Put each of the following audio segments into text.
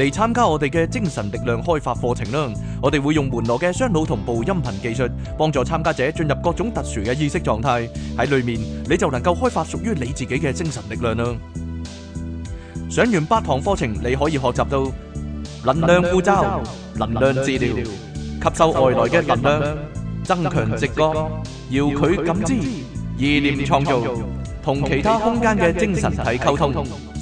嚟參加我哋嘅精神力量開發課程啦！我哋會用門羅嘅雙腦同步音頻技術，幫助參加者進入各種特殊嘅意識狀態。喺裡面你就能夠開發屬於你自己嘅精神力量啦！上完八堂課程，你可以學習到能量護罩、能量治療、吸收外來嘅能量、增強直覺、遙距感知、意念創造、同其他空間嘅精神體溝通。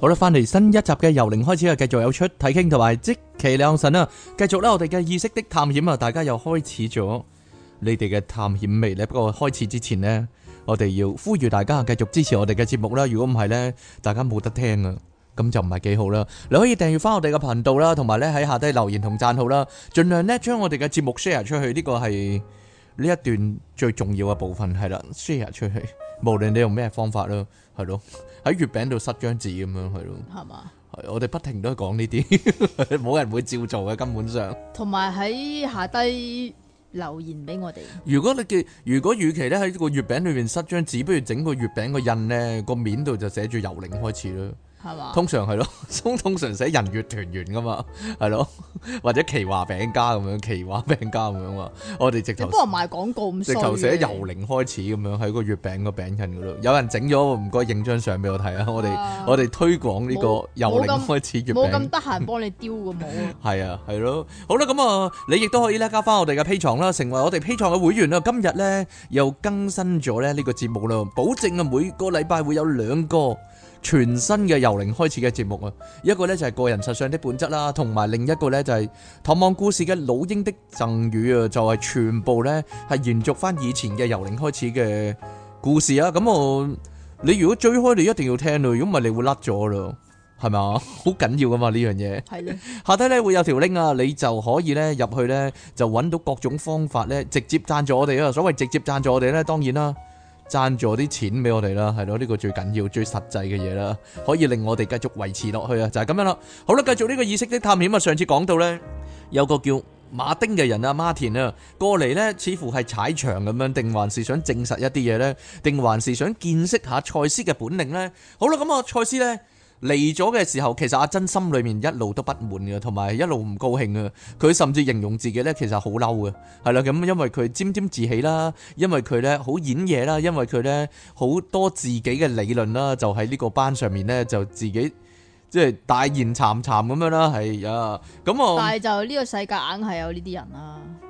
好啦，翻嚟新一集嘅由零開始啊，繼續有出睇傾同埋即期兩神啦，繼續啦。我哋嘅意識的探險啊，大家又開始咗你哋嘅探險未呢？不過開始之前呢，我哋要呼籲大家繼續支持我哋嘅節目啦。如果唔係呢，大家冇得聽啊，咁就唔係幾好啦。你可以訂閱翻我哋嘅頻道啦，同埋呢，喺下低留言同讚好啦，盡量呢，將我哋嘅節目 share 出去，呢個係呢一段最重要嘅部分係啦，share 出去，無論你用咩方法咯，係咯。喺月餅度塞張紙咁樣去咯，係嘛吧？係我哋不停都係講呢啲，冇 人會照做嘅根本上。同埋喺下低留言俾我哋。如果你嘅如果，預其咧喺個月餅裏邊塞張紙，不如整個月餅個印呢個面度就寫住由零開始咯。係嘛？通常係咯，咯，通通常寫人月團圓噶嘛，係咯，或者奇華餅家咁樣，奇華餅家咁樣嘛。我哋直頭幫人賣廣告咁衰。直頭寫由零開始咁樣喺個月餅個餅印嗰度，有人整咗，唔該影張相俾我睇啊！我哋我哋推廣呢個由零沒 開始月餅，冇咁得閒幫你雕個模。係啊，係咯，好啦，咁啊，你亦都可以咧加翻我哋嘅 P 床啦，成為我哋 P 床嘅會員啦。今日咧又更新咗咧呢個節目啦，保證啊每個禮拜會有兩個。全新嘅由零開始嘅節目啊，一個呢就係、是、個人實相的本質啦，同埋另一個呢就係《探望故事唐望故事》嘅老鷹的贈語啊，就係、是、全部呢係延續翻以前嘅由零開始嘅故事啊。咁我你如果追開，你一定要聽咯，如果唔係你會甩咗咯，係咪啊？好 緊要噶嘛的呢樣嘢。係下低呢會有條 link 啊，你就可以呢入去呢，就揾到各種方法呢，直接贊助我哋啊。所謂直接贊助我哋呢，當然啦。贊助啲錢俾我哋啦，係咯，呢、這個最緊要、最實際嘅嘢啦，可以令我哋繼續維持落去啊！就係、是、咁樣啦。好啦，繼續呢個意識的探險啊！上次講到呢，有個叫馬丁嘅人啊，m a r t i n 啊，Martin，過嚟呢，似乎係踩場咁樣，定還是想證實一啲嘢呢？定還是想見識下賽斯嘅本領呢？好啦，咁啊，賽斯呢。嚟咗嘅時候，其實阿珍心裏面一路都不滿嘅，同埋一路唔高興嘅。佢甚至形容自己呢，其實好嬲嘅，係啦。咁因為佢沾沾自喜啦，因為佢呢，好演嘢啦，因為佢呢，好多自己嘅理論啦，就喺呢個班上面呢，就自己即係、就是、大言慚慚咁樣啦。係啊，咁我但係就呢個世界硬係有呢啲人啦、啊。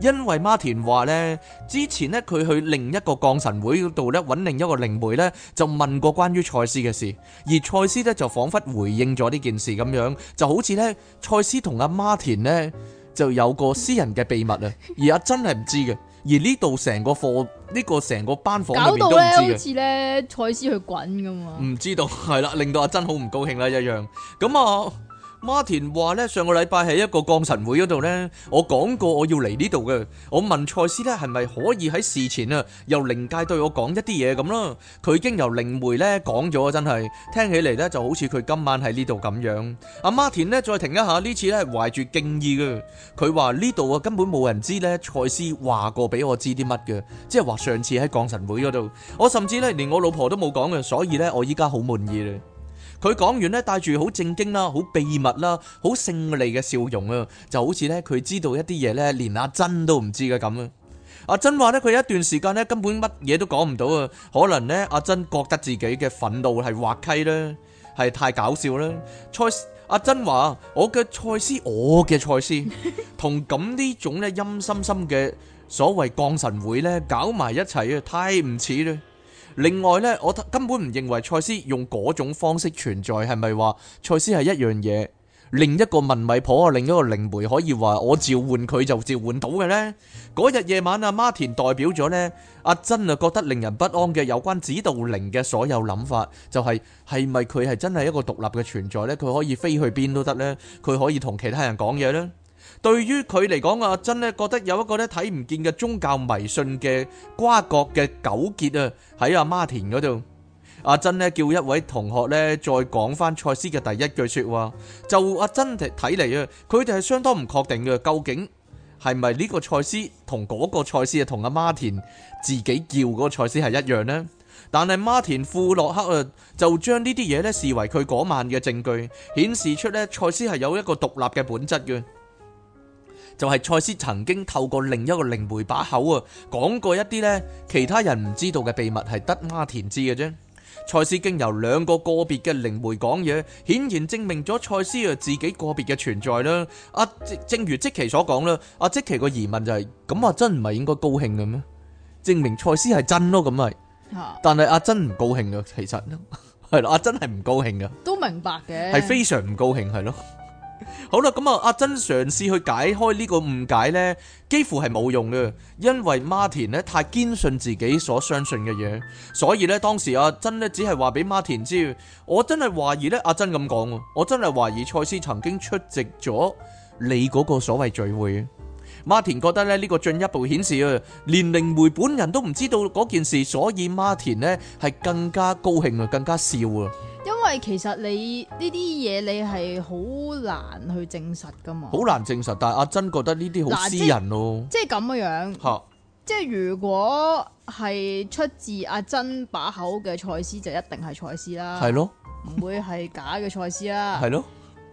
因為孖田話呢，之前呢，佢去另一個降神會嗰度呢，揾另一個靈媒呢，就問過關於賽斯嘅事，而賽斯呢，就仿佛回應咗呢件事咁樣，就好似呢，賽斯同阿孖田呢，就有個私人嘅秘密啊， 而阿珍係唔知嘅，而呢度成個課呢個成個班房面搞到呢好似呢賽斯去滾咁啊，唔知道係啦，令到阿珍好唔高興啦一樣，咁我。馬田話咧，上個禮拜喺一個降神會嗰度呢，我講過我要嚟呢度嘅。我問賽斯咧，係咪可以喺事前啊，由靈界對我講一啲嘢咁啦。佢已經由靈媒咧講咗，真係聽起嚟咧，就好似佢今晚喺呢度咁樣。阿馬田呢，再停一下，呢次咧係懷住敬意嘅。佢話呢度啊，根本冇人知咧，賽斯話過俾我知啲乜嘅，即係話上次喺降神會嗰度，我甚至咧連我老婆都冇講嘅，所以咧我依家好滿意咧。佢講完咧，帶住好正經啦、好秘密啦、好勝利嘅笑容啊，就好似咧佢知道一啲嘢咧，連阿珍都唔知嘅咁啊。阿珍話咧，佢一段時間咧，根本乜嘢都講唔到啊。可能咧，阿珍覺得自己嘅憤怒係滑稽啦，係太搞笑啦。蔡阿珍話，我嘅賽斯，我嘅賽斯，同咁呢種咧陰森森嘅所謂降神會咧，搞埋一齊啊，太唔似啦。另外呢，我根本唔認為賽斯用嗰種方式存在。係咪話賽斯係一樣嘢，另一個問米婆啊，另一個靈媒，可以話我召喚佢就召喚到嘅呢？嗰日夜晚阿馬田代表咗呢，阿珍啊覺得令人不安嘅有關指導靈嘅所有諗法，就係，係咪佢係真係一個獨立嘅存在呢？佢可以飛去邊都得呢？佢可以同其他人講嘢呢？對於佢嚟講，阿珍咧覺得有一個咧睇唔見嘅宗教迷信嘅瓜葛嘅糾結啊，喺阿媽田嗰度。阿珍咧叫一位同學咧再講返賽斯嘅第一句説話，就阿珍睇嚟啊，佢哋係相當唔確定嘅，究竟係咪呢個賽斯同嗰個賽斯啊，同阿媽田自己叫嗰個賽斯係一樣呢？但係媽田富洛克啊，就將呢啲嘢咧視為佢嗰晚嘅證據，顯示出咧賽斯係有一個獨立嘅本質嘅。就係賽斯曾經透過另一個靈媒把口啊，講過一啲咧其他人唔知道嘅秘密係得阿田知嘅啫。賽斯經由兩個個別嘅靈媒講嘢，顯然證明咗賽斯啊自己個別嘅存在啦。阿正正如積琪所講啦，阿積琪個疑問就係咁阿珍唔係應該高興嘅咩？證明賽斯係真咯咁啊。但係阿珍唔高興嘅，其實咯，係咯，阿珍係唔高興嘅。都明白嘅，係非常唔高興，係咯。 好啦，咁啊，阿珍嘗試去解開呢個誤解呢，幾乎係冇用嘅，因為馬田呢太堅信自己所相信嘅嘢，所以呢，當時阿、啊、珍呢，只係話俾馬田知，我真係懷疑呢，阿、啊、珍咁講，我真係懷疑賽斯曾經出席咗你嗰個所謂聚會。馬田覺得呢，呢、這個進一步顯示啊，連靈媒本人都唔知道嗰件事，所以馬田呢，係更加高興啊，更加笑啊。因為其實你呢啲嘢你係好難去證實噶嘛，好難證實。但係阿珍覺得呢啲好私人咯、啊，即係咁嘅樣。吓哈，即係如果係出自阿珍把口嘅賽斯，就一定係賽斯啦。係咯，唔會係假嘅賽斯啦。係 咯。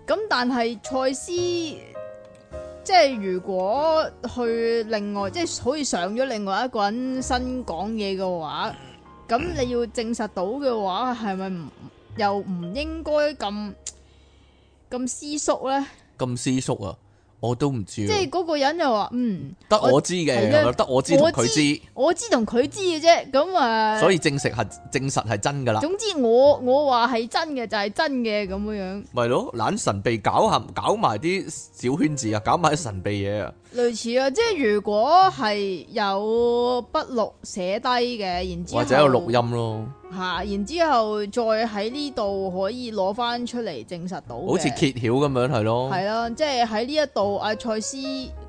咁但係賽斯，即係如果去另外即係可以上咗另外一個人身講嘢嘅話，咁你要證實到嘅話，係咪唔？又唔應該咁咁私縮咧？咁私縮啊！我都唔知。即係嗰個人又話嗯，得我知嘅，我得我知，我知，同佢知，我知，我知同佢知嘅啫。咁、嗯、啊，所以證實係證實係真噶啦。總之我我話係真嘅就係、是、真嘅咁樣樣。咪咯，懶，神秘搞下搞埋啲小圈子啊，搞埋啲神秘嘢啊！類似啊，即係如果係有筆錄寫低嘅，然之後或者有錄音咯，吓，然之後再喺呢度可以攞翻出嚟證實到，好似揭曉咁樣係咯，係咯，啊，即係喺呢一度啊，賽斯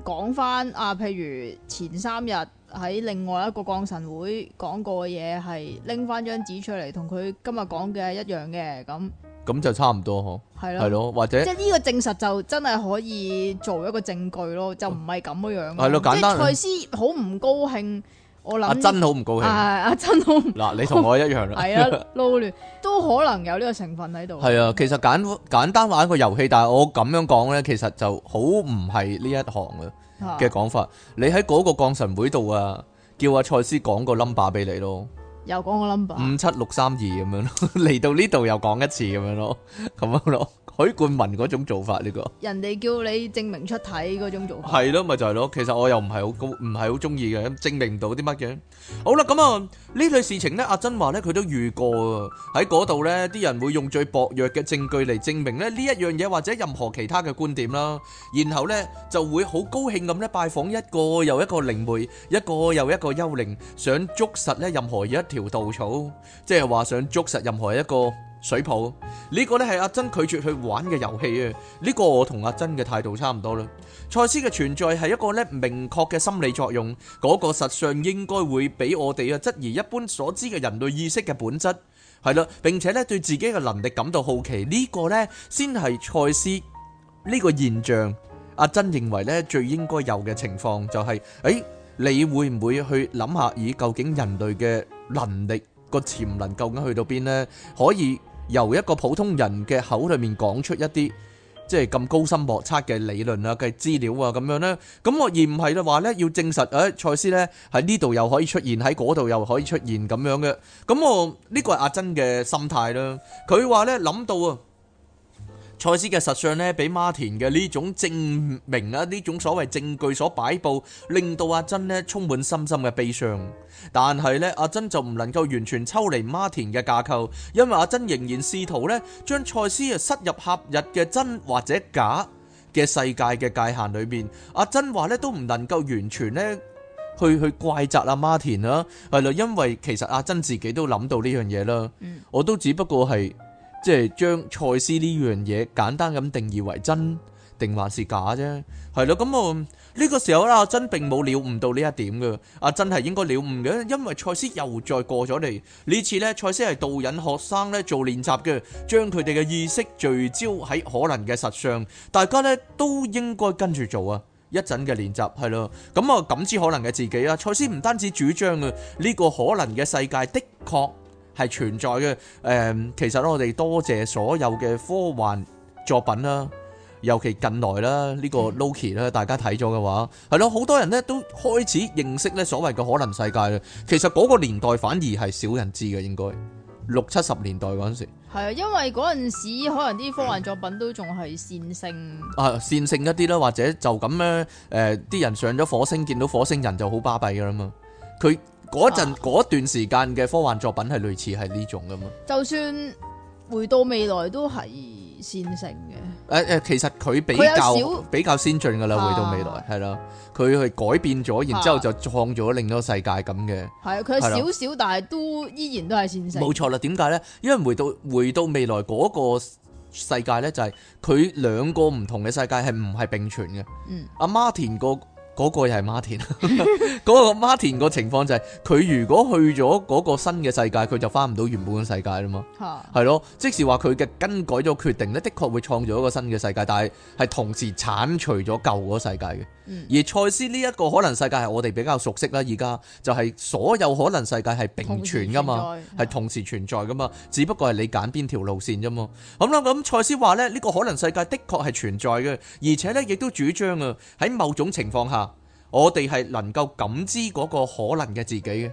講翻啊，譬如前三日喺另外一個降神會講過嘅嘢，係拎翻張紙出嚟同佢今日講嘅一樣嘅咁。咁就差唔多嗬，係咯，係咯，或者即係呢個證實就真係可以做一個證據咯，就唔係咁樣樣嘅，即係賽斯好唔高興，我諗阿珍好唔高興，係阿珍好唔高興嗱你同我一樣啦，係啊，撈亂都可能有呢個成分喺度，係啊，其實簡簡單玩個遊戲，但係我咁樣講咧，其實就好唔係呢一行嘅嘅講法，你喺嗰個降神會度啊，叫阿賽斯講個 number 俾你咯。又講個 number，五七六三二咁樣咯，嚟 到呢度又講一次咁樣咯，咁樣咯。許冠文嗰種做法呢個，人哋叫你證明出體嗰種做法，係咯，咪就係咯。其實我又唔係好高，唔係好中意嘅，證明唔到啲乜嘢。好啦，咁啊呢類事情咧，阿珍話咧佢都遇過喎。喺嗰度咧，啲人會用最薄弱嘅證據嚟證明咧呢一樣嘢或者任何其他嘅觀點啦。然後咧就會好高興咁咧拜訪一個又一個靈媒，一個又一個幽靈，想捉實咧任何一條稻草，即係話想捉實任何一個。水泡呢個咧，係阿珍拒絕去玩嘅遊戲啊！呢個我同阿珍嘅態度差唔多啦。賽斯嘅存在係一個咧明確嘅心理作用，嗰個實相應該會俾我哋啊質疑一般所知嘅人類意識嘅本質，係啦，並且呢，對自己嘅能力感到好奇，呢個呢先係賽斯呢個現象。阿珍認為呢最應該有嘅情況就係，誒，你會唔會去諗下咦，究竟人類嘅能力個潛能究竟去到邊呢？」可以？由一個普通人嘅口裏面講出一啲即係咁高深莫測嘅理論啊嘅資料啊咁樣呢。咁我而唔係話呢，要證實，誒、哎、賽斯呢喺呢度又可以出現，喺嗰度又可以出現咁樣嘅，咁我呢個係阿珍嘅心態啦。佢話呢，諗到啊。賽斯嘅實相咧，俾馬田嘅呢種證明啊，呢種所謂證據所擺布，令到阿珍咧充滿深深嘅悲傷。但係呢，阿珍就唔能夠完全抽離馬田嘅架構，因為阿珍仍然試圖咧將賽斯啊塞入合日嘅真或者假嘅世界嘅界限裏面。阿珍話呢，都唔能夠完全咧去去怪責阿馬田啦，係咯，因為其實阿珍自己都諗到呢樣嘢啦。我都只不過係。即係將賽斯呢樣嘢簡單咁定義為真定還是假啫，係咯，咁啊呢個時候啦，阿真並冇了悟到呢一點嘅，阿、啊、真係應該了悟嘅，因為賽斯又再過咗嚟呢次呢，賽斯係導引學生咧做練習嘅，將佢哋嘅意識聚焦喺可能嘅實相，大家呢，都應該跟住做啊，一陣嘅練習係咯，咁啊感知可能嘅自己啊，賽斯唔單止主張啊呢、這個可能嘅世界的確係存在嘅，誒、嗯，其實我哋多謝所有嘅科幻作品啦，尤其近來啦，呢、這個 oki,、嗯《Loki》啦，大家睇咗嘅話，係咯，好多人呢都開始認識呢所謂嘅可能世界啦。其實嗰個年代反而係少人知嘅，應該六七十年代嗰陣時。係啊，因為嗰陣時可能啲科幻作品都仲係線性、嗯、啊，線性一啲啦，或者就咁咧，誒、呃，啲人上咗火星見到火星人就好巴閉噶啦嘛，佢。嗰陣嗰段時間嘅科幻作品係類似係呢種咁咯，就算回到未來都係線性嘅。誒誒、啊，其實佢比較比較先進噶啦，回到未來係咯，佢係改變咗，然之後就創造咗另一個世界咁嘅。係啊，佢少少，但係都依然都係線性。冇錯啦，點解咧？因為回到回到未來嗰個世界咧，就係佢兩個唔同嘅世界係唔係並存嘅。嗯，阿 Martin 個。嗰個又係 Martin，嗰 個 Martin 個情況就係、是、佢如果去咗嗰個新嘅世界，佢就翻唔到原本嘅世界啦嘛。係、啊、咯，即係話佢嘅更改咗決定呢的確會創造一個新嘅世界，但係係同時剷除咗舊嗰世界嘅。嗯、而賽斯呢一個可能世界係我哋比較熟悉啦，而家就係所有可能世界係並存噶嘛，係同時存在噶嘛，啊、只不過係你揀邊條路線啫嘛。咁啦、嗯，咁賽斯話呢，呢、呢個可能世界的確係存在嘅，而且呢，亦都主張啊喺某種情況下，我哋係能夠感知嗰個可能嘅自己嘅，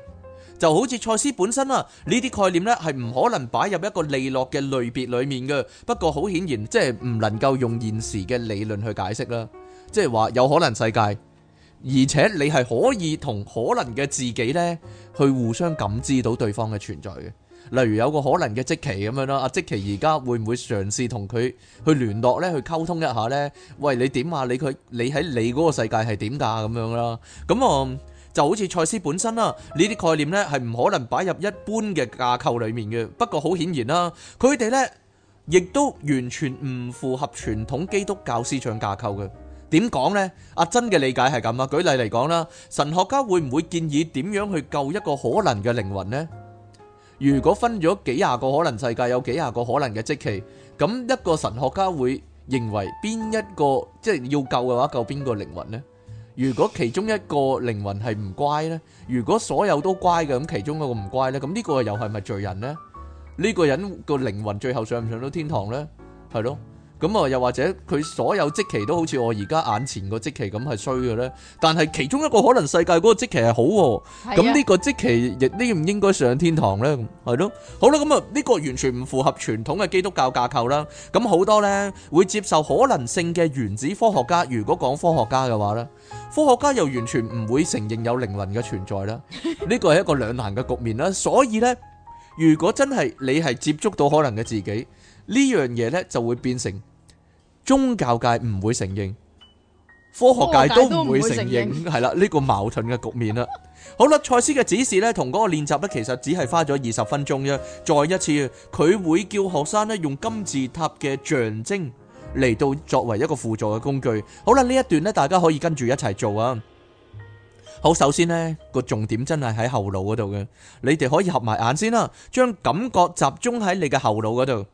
就好似賽斯本身啦。呢啲概念呢係唔可能擺入一個利落嘅類別裏面嘅。不過好顯然，即係唔能夠用現時嘅理論去解釋啦。即係話有可能世界，而且你係可以同可能嘅自己呢去互相感知到對方嘅存在嘅。例如有個可能嘅自己咁樣啦，阿自己而家會唔會嘗試同佢去聯絡咧，去溝通一下咧？喂，你點啊？你佢你喺你嗰個世界係點噶咁樣啦？咁啊，就好似賽斯本身啦。呢啲概念咧係唔可能擺入一般嘅架構裏面嘅。不過好顯然啦，佢哋咧亦都完全唔符合傳統基督教思想架構嘅。點講咧？阿珍嘅理解係咁啊。舉例嚟講啦，神學家會唔會建議點樣去救一個可能嘅靈魂咧？如果分咗幾廿個可能世界，有幾廿個可能嘅自己，咁一個神學家會認為邊一個即係要救嘅話，救邊個靈魂呢？如果其中一個靈魂係唔乖呢，如果所有都乖嘅，咁其中一個唔乖呢，咁呢個又係咪罪人呢？呢個人個靈魂最後上唔上到天堂呢？係咯？咁啊，又或者佢所有職期都好似我而家眼前個職期咁係衰嘅咧，但係其中一個可能世界嗰個職期係好，咁呢的個職期亦呢唔應該上天堂呢，係咯，好啦，咁啊呢個完全唔符合傳統嘅基督教架構啦，咁好多呢會接受可能性嘅原子科學家，如果講科學家嘅話咧，科學家又完全唔會承認有靈魂嘅存在啦，呢個係一個兩難嘅局面啦，所以呢，如果真係你係接觸到可能嘅自己，呢樣嘢呢就會變成。宗教界唔會承認，科學界都唔會承認，係啦，呢個矛盾嘅局面啦。 好啦，賽斯嘅指示呢，同嗰個練習呢，其實只係花咗二十分鐘啫。再一次，佢會叫學生呢，用金字塔嘅象徵嚟到作為一個輔助嘅工具。好啦，呢一段呢，大家可以跟住一齊做啊。好，首先呢，個重點真係喺後腦嗰度嘅，你哋可以合埋眼先啦，將感覺集中喺你嘅後腦嗰度，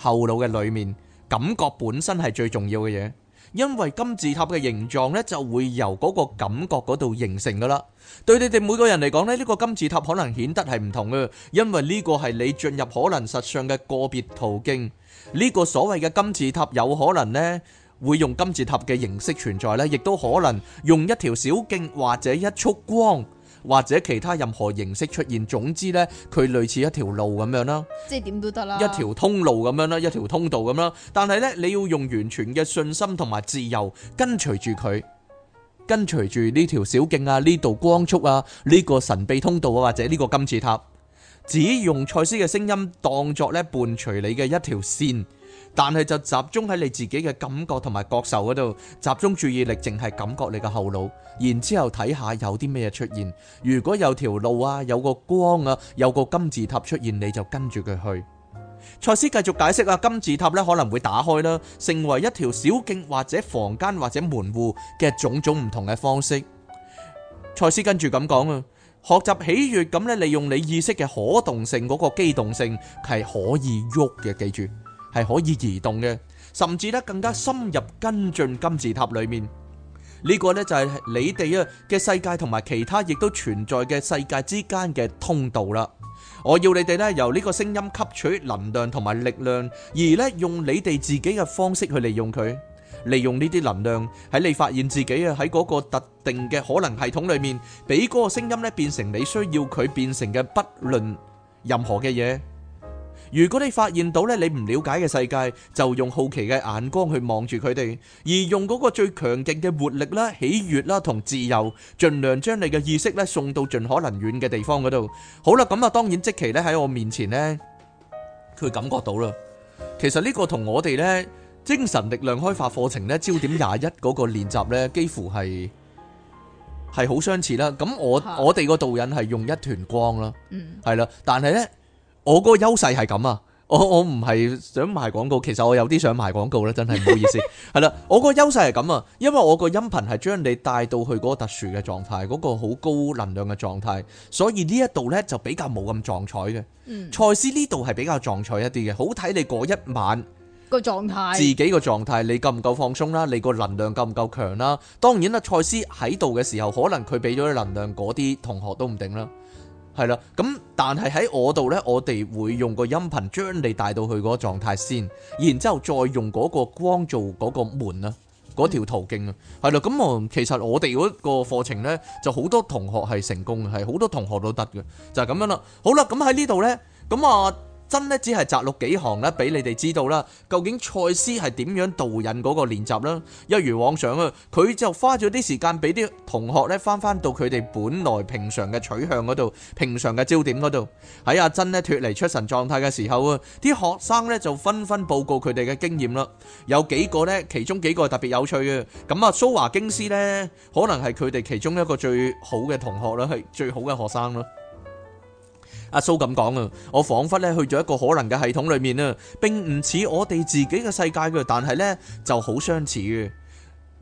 後腦嘅裏面。感覺本身係最重要嘅嘢，因為金字塔嘅形狀咧就會由嗰個感覺嗰度形成噶啦。對你哋每個人嚟講咧，呢個金字塔可能顯得係唔同嘅，因為呢個係你進入可能實相嘅個別途徑。呢個所謂嘅金字塔有可能咧會用金字塔嘅形式存在咧，亦都可能用一條小徑或者一束光，或者其他任何形式出現，總之呢，佢類似一條路咁樣啦，即係點都得啦，一條通路咁樣啦，一條通道咁啦。但係呢，你要用完全嘅信心同埋自由跟隨住佢，跟隨住呢條小徑啊，呢度光速啊，呢個神秘通道啊，或者呢個金字塔，只用賽斯嘅聲音當作呢，伴隨你嘅一條線。但係就集中喺你自己嘅感覺同埋覺受嗰度，集中注意力，淨係感覺你嘅後腦，然之後睇下有啲咩出現。如果有條路啊，有個光啊，有個金字塔出現，你就跟住佢去。賽斯繼續解釋啊，金字塔咧可能會打開啦，成為一條小徑或者房間或者門戶嘅種種唔同嘅方式。賽斯跟住咁講啊，學習喜悅咁咧，利用你意識嘅可動性嗰個機動性係可以喐嘅，記住。係可以移動嘅，甚至咧更加深入跟進金字塔裏面。呢個咧就係你哋啊嘅世界同埋其他亦都存在嘅世界之間嘅通道啦。我要你哋咧由呢個聲音吸取能量同埋力量，而咧用你哋自己嘅方式去利用佢，利用呢啲能量喺你發現自己啊喺嗰個特定嘅可能系統裏面，俾嗰個聲音咧變成你需要佢變成嘅不論任何嘅嘢。如果你發現到咧你唔了解嘅世界，就用好奇嘅眼光去望住佢哋，而用嗰個最強勁嘅活力啦、喜悦啦同自由，盡量將你嘅意識咧送到盡可能遠嘅地方嗰度。好啦，咁啊，當然即期咧喺我面前咧，佢感覺到啦。其實呢個同我哋咧精神力量開發課程咧焦點廿一嗰個練習咧，幾乎係係好相似啦。咁我我哋個導引係用一團光啦，係啦，但係咧。我個優勢係咁啊！我我唔係想賣廣告，其實我有啲想賣廣告咧，真係唔好意思。係啦， 我個優勢係咁啊，因為我個音頻係將你帶到去嗰個特殊嘅狀態，嗰、嗰個好高能量嘅狀態，所以呢一度呢，就比較冇咁撞彩嘅。賽斯呢度係比較撞彩一啲嘅，好睇你嗰一晚個狀態，自己個狀態你夠唔夠放鬆啦，你個能量夠唔夠強啦，啊？當然啦，賽斯喺度嘅時候，可能佢俾咗能量嗰啲同學都唔定啦。係啦，咁但係喺我度呢，我哋會用個音頻將你帶到去嗰個狀態先，然之後再用嗰個光做嗰個門啊，嗰條途徑啊，係咯，咁我其實我哋嗰個課程呢，就好多同學係成功嘅，係好多同學都得嘅，就係、是、咁樣啦。好啦，咁喺呢度呢。咁啊。真呢，只係摘錄幾行咧，俾你哋知道啦。究竟賽斯係點樣導引嗰個練習啦？一如往常啊，佢就花咗啲時間俾啲同學咧翻翻到佢哋本來平常嘅取向嗰度，平常嘅焦點嗰度。喺阿珍咧脫離出神狀態嘅時候啊，啲學生咧就紛紛報告佢哋嘅經驗啦。有幾個咧，其中幾個特別有趣嘅。咁啊，蘇華京師咧，可能係佢哋其中一個最好嘅同學啦，係最好嘅學生啦。阿蘇咁講啊，我仿佛咧去咗一個可能嘅系統裏面啊，並唔似我哋自己嘅世界嘅，但係咧就好相似嘅，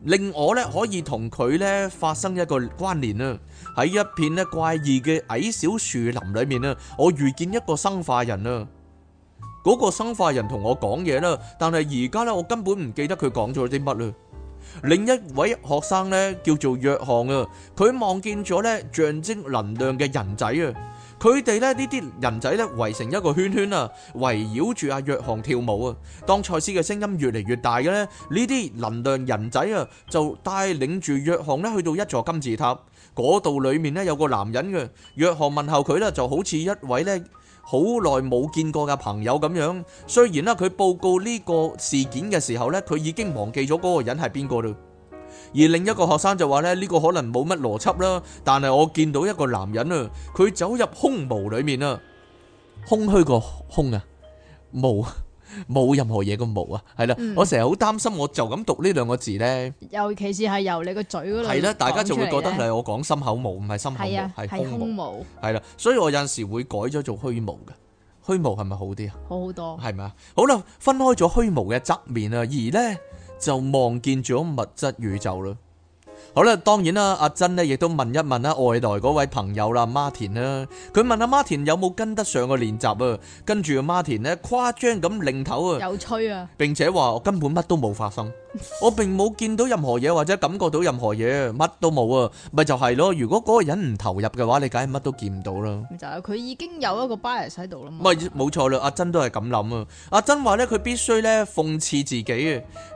令我咧可以同佢咧發生一個關聯啊！喺一片咧怪異嘅矮小樹林裏面啊，我遇見一個生化人啊！嗰個生化人同我講嘢啦，但係而家咧我根本唔記得佢講咗啲乜啦。另一位學生咧叫做約翰啊，佢望見咗咧象徵能量嘅人仔啊！佢哋咧呢啲人仔咧圍成一個圈圈啊，圍繞住阿約翰跳舞啊。當賽斯嘅聲音越嚟越大嘅咧，呢啲能量人仔啊就帶領住約翰呢去到一座金字塔。嗰度裏面呢，有個男人嘅，約翰問候佢咧就好似一位咧好耐冇見過嘅朋友咁樣。雖然呢，佢報告呢個事件嘅時候咧，佢已經忘記咗嗰個人係邊個嘞。而另一個學生就話咧，呢個可能冇乜邏輯啦，但係我見到一個男人啊，佢走入空無裏面啊，空虛個空啊，無冇任何嘢個無啊，係啦，嗯，我成日好擔心，我就咁讀呢兩個字咧，尤其是係由你個嘴嗰度，係啦，大家就會覺得係我講心口無，唔係心口無，係空無，係啦，所以我有陣時會改咗做虛無嘅，虛無係咪好啲啊？好好多係咪啊？好啦，分開咗虛無嘅側面啊，而咧。就望見咗物質宇宙啦。好啦，當然啦，阿珍呢亦都問一問啦，外來嗰位朋友啦，馬田啦，佢問阿馬田有冇跟得上個練習啊？跟住阿馬田呢，誇張咁擰頭啊，有趣啊！並且話我根本乜都冇發生， 我並冇見到任何嘢或者感覺到任何嘢，乜都冇啊！咪就係、是、咯，如果嗰個人唔投入嘅話，你梗係乜都見唔到啦。就係佢已經有一個 bias 喺度啦嘛。咪冇錯啦，阿珍都係咁諗啊！阿珍話咧，佢必須咧諷刺自己啊，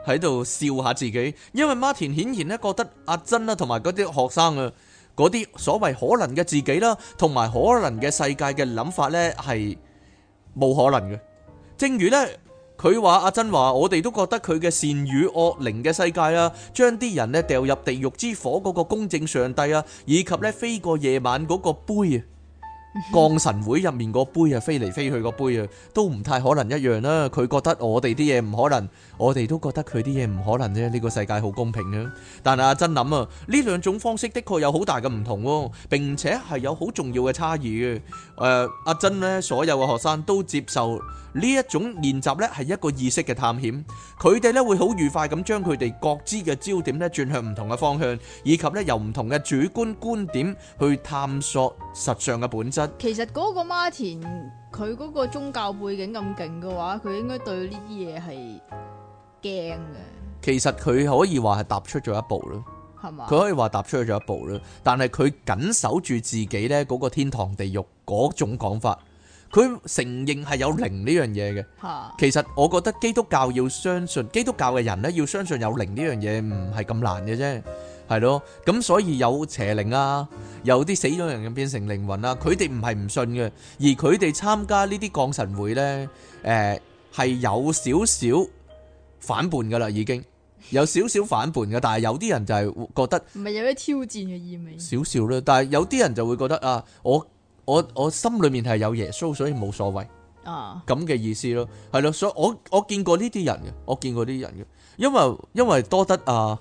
喺度笑下自己，因為馬田顯然咧覺得阿真啦，同埋嗰啲學生啊，嗰啲所謂可能嘅自己啦，同埋可能嘅世界嘅諗法呢，係冇可能嘅。正如呢，佢話阿珍話，我哋都覺得佢嘅善與惡靈嘅世界啊，將啲人呢掉入地獄之火嗰個公正上帝啊，以及呢飛過夜晚嗰個杯啊，降神會入面個杯啊，飛嚟飛去個杯啊，都唔太可能一樣啦。佢覺得我哋啲嘢唔可能。我哋都覺得佢啲嘢唔可能啫，呢個世界好公平嘅。但阿珍諗啊，呢兩種方式的確有好大嘅唔同喎，並且係有好重要嘅差異嘅。誒，阿珍咧，所有嘅學生都接受呢一種練習咧，係一個意識嘅探險。佢哋咧會好愉快咁將佢哋各自嘅焦點咧轉向唔同嘅方向，以及咧由唔同嘅主觀觀點去探索實相嘅本質。其實嗰個 Martin，佢嗰個宗教背景咁勁嘅話，佢應該對呢啲嘢係。驚嘅，其實佢可以話係踏出咗一步咯，係嘛？佢可以話踏出咗一步咯，但係佢緊守住自己呢嗰個天堂地獄嗰種講法，佢承認係有靈呢樣嘢嘅。吓，係嘅，其實我覺得基督教要相信基督教嘅人呢，要相信有靈呢樣嘢唔係咁難嘅啫，係咯？咁所以有邪靈啊，有啲死咗人咁變成靈魂啦，佢哋唔係唔信嘅，而佢哋參加呢啲降神會呢，誒，係有少少。反叛噶啦，已經有少少反叛噶，但係有啲人就係覺得唔係有啲挑戰嘅意味，少少啦，但係有啲人就會覺得啊，我我我心裏面係有耶穌，所以冇所謂啊咁嘅意思咯，係咯。所以我我見過呢啲人嘅，我見過呢啲人嘅，因為因為多得啊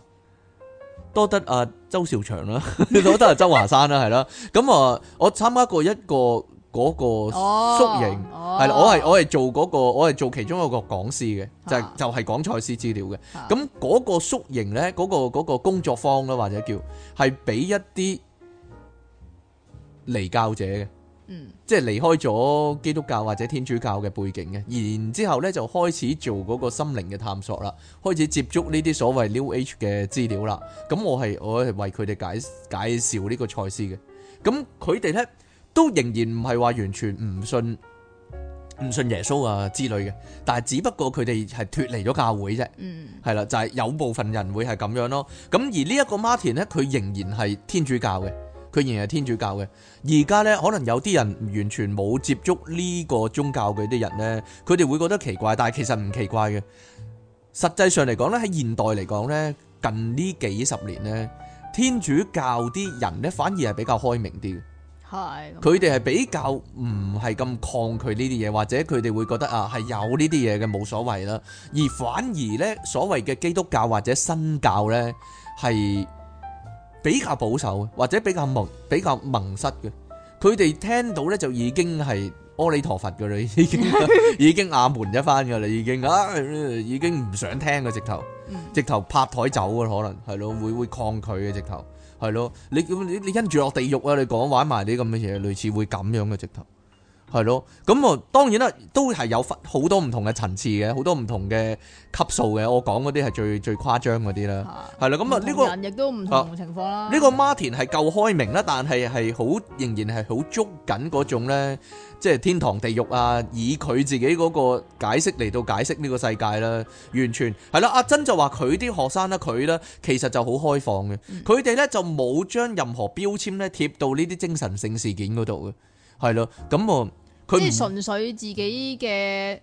多得啊周兆祥啦，多得阿周華山啦，係啦。咁啊，我參加過一個。嗰個縮形係啦，我係我係做嗰個，我係做其中一個講師嘅，就就係講賽斯資料嘅。咁嗰個縮形咧，嗰個嗰個工作坊啦，或者叫係俾一啲離教者嘅，嗯，即係離開咗基督教或者天主教嘅背景嘅，然之後咧就開始做嗰個心靈嘅探索啦，開始接觸呢啲所謂 New Age 嘅資料啦。咁我係我係為佢哋解介紹呢個賽斯嘅，咁佢哋咧。都仍然唔係話完全唔信唔信耶穌啊之類嘅，但係只不過佢哋係脫離咗教會啫，係啦，就係、是、有部分人會係咁樣咯。咁而呢一個 Martin 呢，佢仍然係天主教嘅，佢仍然係天主教嘅。而家呢，可能有啲人完全冇接觸呢個宗教嘅啲人呢，佢哋會覺得奇怪，但係其實唔奇怪嘅。實際上嚟講呢，喺現代嚟講呢，近呢幾十年呢，天主教啲人呢反而係比較開明啲。係佢哋係比較唔係咁抗拒呢啲嘢，或者佢哋會覺得啊係有呢啲嘢嘅，冇所謂啦，而反而咧所謂嘅基督教或者新教咧係比較保守嘅，或者比較蒙比較蒙塞嘅，佢哋聽到咧就已經係阿彌陀佛噶啦，已經已經阿門一番噶啦，已經啊已經唔想聽噶直頭，直頭拍台走噶可能係咯，會會抗拒嘅直頭。係咯，你你你因住落地獄啊！你講玩埋啲咁嘅嘢，類似會咁樣嘅直頭。係咯，咁我、嗯、當然啦，都係有分好多唔同嘅層次嘅，好多唔同嘅級數嘅。我講嗰啲係最最誇張嗰啲啦，係啦，啊，咁啊呢個人亦都唔同嘅情況啦。呢，啊、個 Martin 係夠開明啦，但係係好仍然係好捉緊嗰種呢，即係天堂地獄啊，以佢自己嗰個解釋嚟到解釋呢個世界啦。完全係啦，阿、啊、珍就話佢啲學生呢，佢呢其實就好開放嘅，佢哋呢就冇將任何標籤呢貼到呢啲精神性事件嗰度嘅。係咯，咁我佢即係純粹自己嘅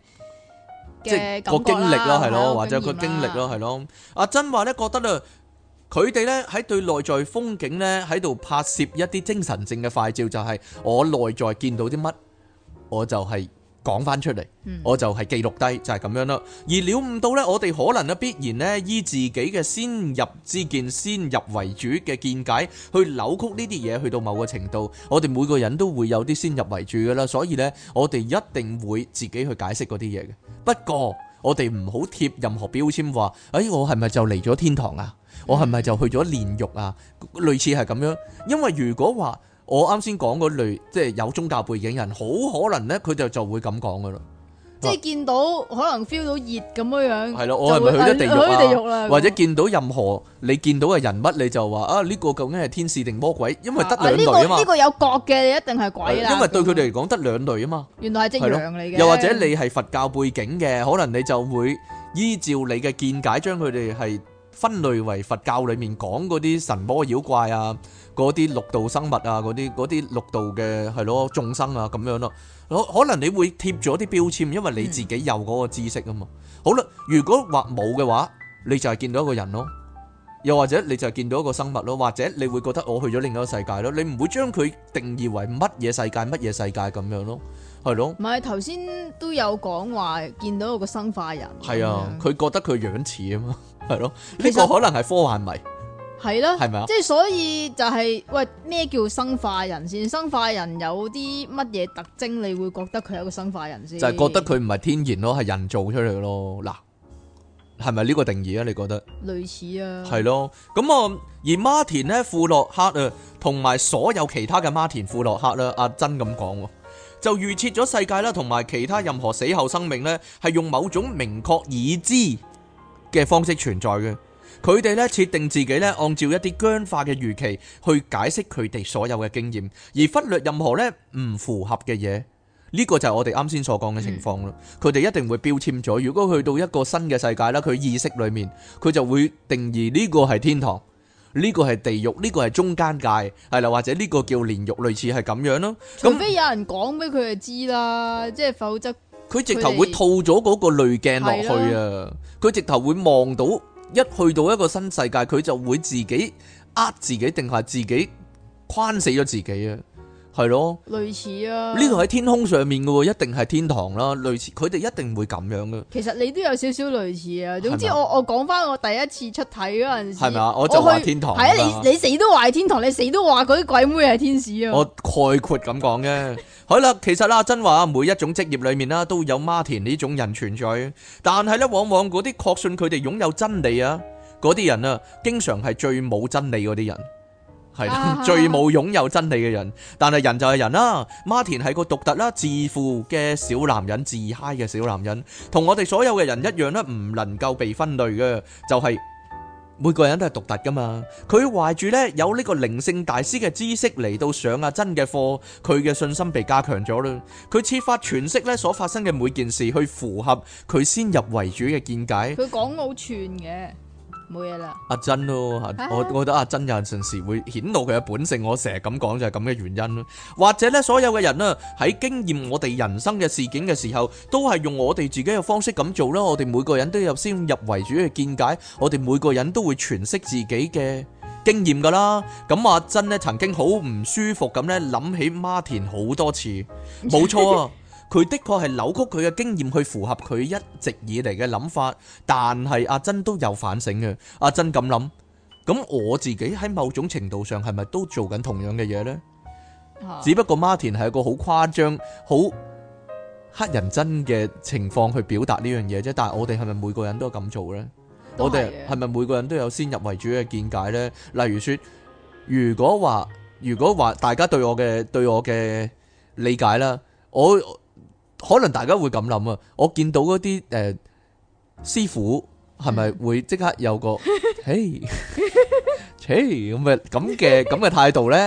嘅、那個經歷咯，係咯，或者個經歷咯，係咯、啊。阿珍、啊、話咧覺得咧，佢哋咧喺對內在風景咧喺度拍攝一啲精神性嘅快照、就是，就係我內在見到啲乜，我就係、是。講翻出嚟，我就係記錄低，就係咁樣啦。而料唔到呢，我哋可能咧必然呢，依自己嘅先入之見、先入為主嘅見解去扭曲呢啲嘢，去到某個程度，我哋每個人都會有啲先入為主嘅啦。所以呢，我哋一定會自己去解釋嗰啲嘢嘅。不過我哋唔好貼任何標籤，話：哎，我係咪就嚟咗天堂啊？我係咪就去咗煉獄啊？類似係咁樣。因為如果話，我啱先講嗰類，即係有宗教背景人，好可能咧，佢就就會咁講噶啦。即係見到可能 feel 到熱咁樣樣，係咯，我係咪去咗地獄啊？去咗地獄啦？或者見到任何你見到嘅人物，你就話啊，呢個究竟係天使定魔鬼？因為得兩類啊嘛。呢個呢個有角嘅一定係鬼啦。因為對佢哋嚟講得兩類啊嘛。原來係正陽嚟嘅。又或者你係佛教背景嘅，可能你就會依照你嘅見解將佢哋係。分類為佛教裏面講嗰啲神魔妖怪啊，嗰啲六道生物啊，嗰啲嗰啲六道嘅、係咯眾生啊，咁樣咯。可可能你會貼咗啲標籤，因為你自己有嗰個知識啊嘛。好啦，如果話冇嘅話，你就係見到一個人咯，又或者你就係見到一個生物咯，或者你會覺得我去咗另一個世界咯，你唔會將佢定義為乜嘢世界乜嘢世界咁樣咯，係咯？咪頭先都有講話見到一個生化人，係啊，佢覺得佢樣似啊嘛。係咯，呢實個可能係科幻迷，係咯的，係咪啊？即係所以就係、是、喂，咩叫生化人先？生化人有啲乜嘢特徵？你會覺得佢係一個生化人先？就係覺得佢唔係天然咯，係人造出嚟咯。嗱，係咪呢個定義啊？你覺得類似啊？係咯，咁啊，而馬田咧、富洛克啊，同、呃、埋所有其他嘅馬田、富洛克啦，阿、啊、珍咁講，就預設咗世界啦，同埋其他任何死後生命咧，係用某種明確已知。嘅方式存在嘅，佢哋呢設定自己呢，按照一啲僵化嘅預期去解釋佢哋所有嘅經驗，而忽略任何呢唔符合嘅嘢。呢個就係我哋啱先所講嘅情況啦。佢哋一定會標籤咗。如果去到一個新嘅世界啦，佢意識裏面佢就會定義呢個係天堂，呢個係地獄，呢個係中間界，係啦，或者呢個叫煉獄，類似係咁樣咯。除非有人講俾佢哋知啦，即係否則。佢直頭會套咗嗰個濾鏡落去啊！佢的直頭會望到一去到一個新世界，佢就會自己呃自己，定係自己框死咗自己啊！係咯，類似啊！呢度喺天空上面嘅，一定係天堂啦。類似佢哋一定會咁樣嘅。其實你都有少少類似啊。總之我嗎我，我我講翻我第一次出體嗰陣時，係咪啊？我就話天堂。係啊，你你死都話係天堂，你死都話嗰啲鬼妹係天使啊！我概括咁講嘅， 好啦，其實阿真話，每一種職業裏面啦，都有 Martin 呢種人存在。但係咧，往往嗰啲確信佢哋擁有真理啊，嗰啲人啊，經常係最冇真理嗰啲人、人。係啦， 最冇擁有真理嘅人，但係人就係人啦。Martin 係個獨特啦、自負嘅小男人，自嗨嘅小男人，同我哋所有嘅人一樣呢唔能夠被分類嘅，就係、是、每個人都係獨特噶嘛。佢懷住呢，有呢個靈性大師嘅知識嚟到上阿珍嘅課，佢嘅信心被加強咗啦。佢設法詮釋呢所發生嘅每件事，去符合佢先入為主嘅見解。佢講冇全嘅。冇嘢啦，阿珍咯吓，我我覺得阿珍有陣時會顯露佢嘅本性，我成日咁講就係咁嘅原因咯。或者咧，所有嘅人咧喺經驗我哋人生嘅事件嘅時候，都係用我哋自己嘅方式咁做啦。我哋每個人都有先入為主嘅見解，我哋每個人都會詮釋自己嘅經驗噶啦。咁阿珍咧曾經好唔舒服咁咧諗起 Martin 好多次，冇錯啊。佢的確係扭曲佢嘅經驗去符合佢一直以嚟嘅諗法，但係阿珍都有反省嘅。阿珍咁諗，咁我自己喺某種程度上係咪都做緊同樣嘅嘢呢？啊，只不過 Martin 係一個好誇張、好乞人憎嘅情況去表達呢樣嘢啫。但係我哋係咪每個人都咁做呢？我哋係咪每個人都有先入為主嘅見解呢？例如說，如果話如果話大家對我嘅對我嘅理解啦，我。可能大家會咁諗啊！我見到嗰啲誒師傅係咪會即刻有個 嘿，嘿咁嘅咁嘅態度咧？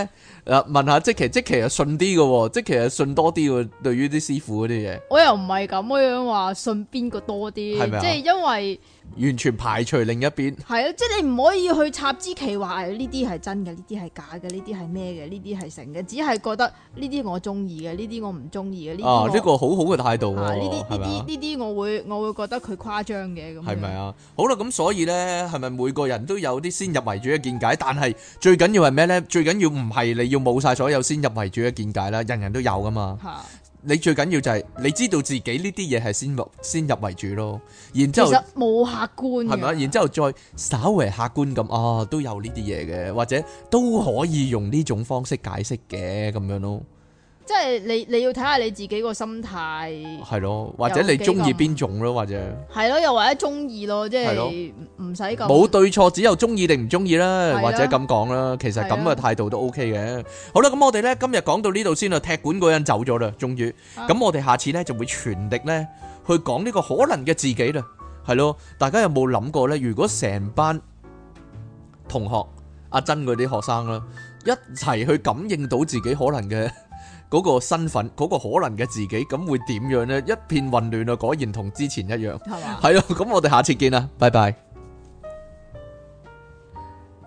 啊，問下即其即其實信啲嘅，即其實信多啲嘅，對於啲師傅嗰啲嘢。我又唔係咁樣話信邊個多啲，係咪即係因為。完全排除另一邊，係啊，即係你唔可以去插之其話，誒，呢啲係真嘅，呢啲係假嘅，呢啲係咩嘅，呢啲係成嘅，只係覺得呢啲我中意嘅，呢啲我唔中意嘅。呢個好好嘅態度。呢啲，呢啲，呢啲我會我會覺得佢誇張嘅咁。係咪啊？好啦，咁所以呢，係咪每個人都有啲先入為主嘅見解？但係最緊要係咩呢？最緊要唔係你要冇晒所有先入為主嘅見解啦，人人都有噶嘛。你最緊要就係你知道自己呢啲嘢係先入先入為主咯，然之後其實冇客觀，係咪啊？然之後再稍微客觀咁啊、哦，都有呢啲嘢嘅，或者都可以用呢種方式解釋嘅咁樣咯。即係你你要睇下你自己個心態係咯，或者你中意邊種咯，或者係咯，又或者中意咯，即係唔唔使咁冇對錯，只有中意定唔中意啦，或者咁講啦。其實咁嘅態度都 OK 嘅。好啦，咁我哋咧今日講到呢度先啦，踢館嗰人走咗啦，終於。咁我哋下次咧就會全力咧去講呢個可能嘅自己啦，係咯。大家有冇諗過咧？如果成班同學阿珍嗰啲學生啦，一齊去感應到自己可能嘅。嗰個身份，嗰、嗰個可能嘅自己，咁會點樣呢？一片混亂啊！果然同之前一樣，係咯。 咁我哋下次見啦，拜拜。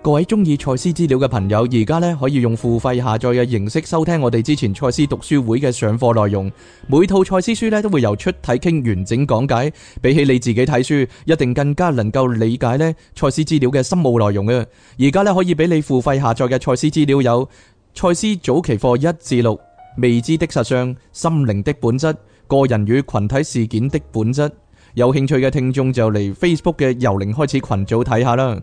各位中意賽斯資料嘅朋友，而家咧可以用付費下載嘅形式收聽我哋之前賽斯讀書會嘅上課內容。每套賽斯書咧都會由出體傾完整講解，比起你自己睇書，一定更加能夠理解呢賽斯資料嘅深奧內容嘅。而家咧可以俾你付費下載嘅賽斯資料有賽斯早期課一至六、未知的實相、心靈的本質、個人與群體事件的本質。有興趣嘅聽眾就嚟 Facebook 嘅由零開始群組睇下啦。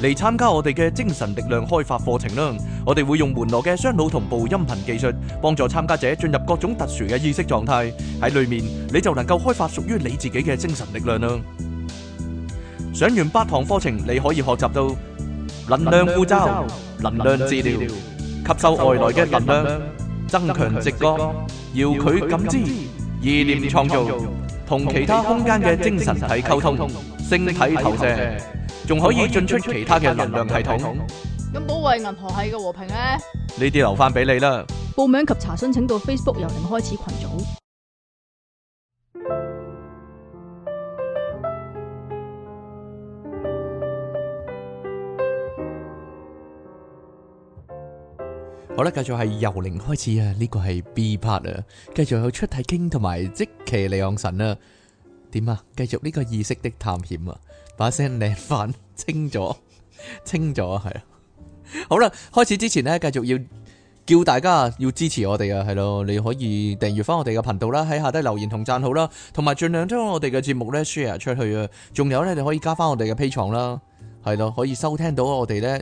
嚟參加我哋嘅精神力量開發課程啦！我哋會用門羅嘅雙腦同步音頻技術，幫助參加者進入各種特殊嘅意識狀態。喺裏面你就能夠開發屬於你自己嘅精神力量啦！上完八堂課程，你可以學習到能量護罩、能量治療、吸收外來嘅能量、增強直覺、遙距感知、意念創造、同其他空間嘅精神體溝通、星體投射。仲可以進出其他嘅能量系統。咁、嗯、保衛銀河系嘅和平咧？呢啲留翻俾你啦。報名及查詢請到 Facebook 由零開始群組。好啦，繼續係由零開始啊！呢個係 B part 啊，繼續有出體經同埋即期利昂神啊？點啊？繼續呢個意識的探險啊！把聲靚翻，清咗， 清咗，係啊！好啦，開始之前呢，繼續要叫大家要支持我哋啊，係咯，你可以訂閱翻我哋嘅頻道啦，喺下低留言同讚好啦，同埋盡量將我哋嘅節目咧 share 出去啊！仲有咧，你可以加翻我哋嘅 P 廠啦，係咯，可以收聽到我哋咧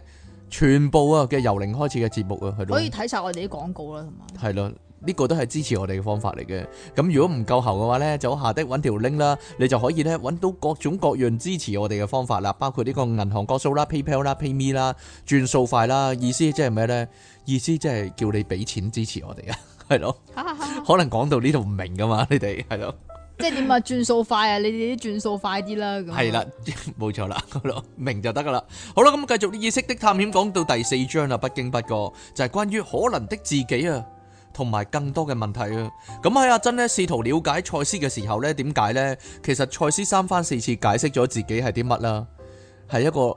全部啊嘅由零開始嘅節目啊，係可以睇晒我哋啲廣告啦，係咯。呢個都係支持我哋嘅方法嚟嘅，咁如果唔夠喉嘅話呢，就下得搵條 link 啦，你就可以呢搵到各種各樣支持我哋嘅方法啦，包括呢個銀行個數啦、PayPal 啦、PayMe 啦、轉數快啦，意思即係咩呢？意思即係叫你俾錢支持我哋啊，係咯？哈哈哈哈，可能講到呢度唔明噶嘛，你哋係咯？即係點啊？轉數快啊！你哋啲轉數快啲啦，係啦，冇錯啦，咯，明就得噶啦。好啦，咁繼續意識的探險，講到第四章啦，不經不覺就係、是、關於可能的自己啊。同埋更多嘅問題啊！咁喺阿珍呢試圖了解賽斯嘅時候呢，點解呢？其實賽斯三番四次解釋咗自己係啲乜啦，係一個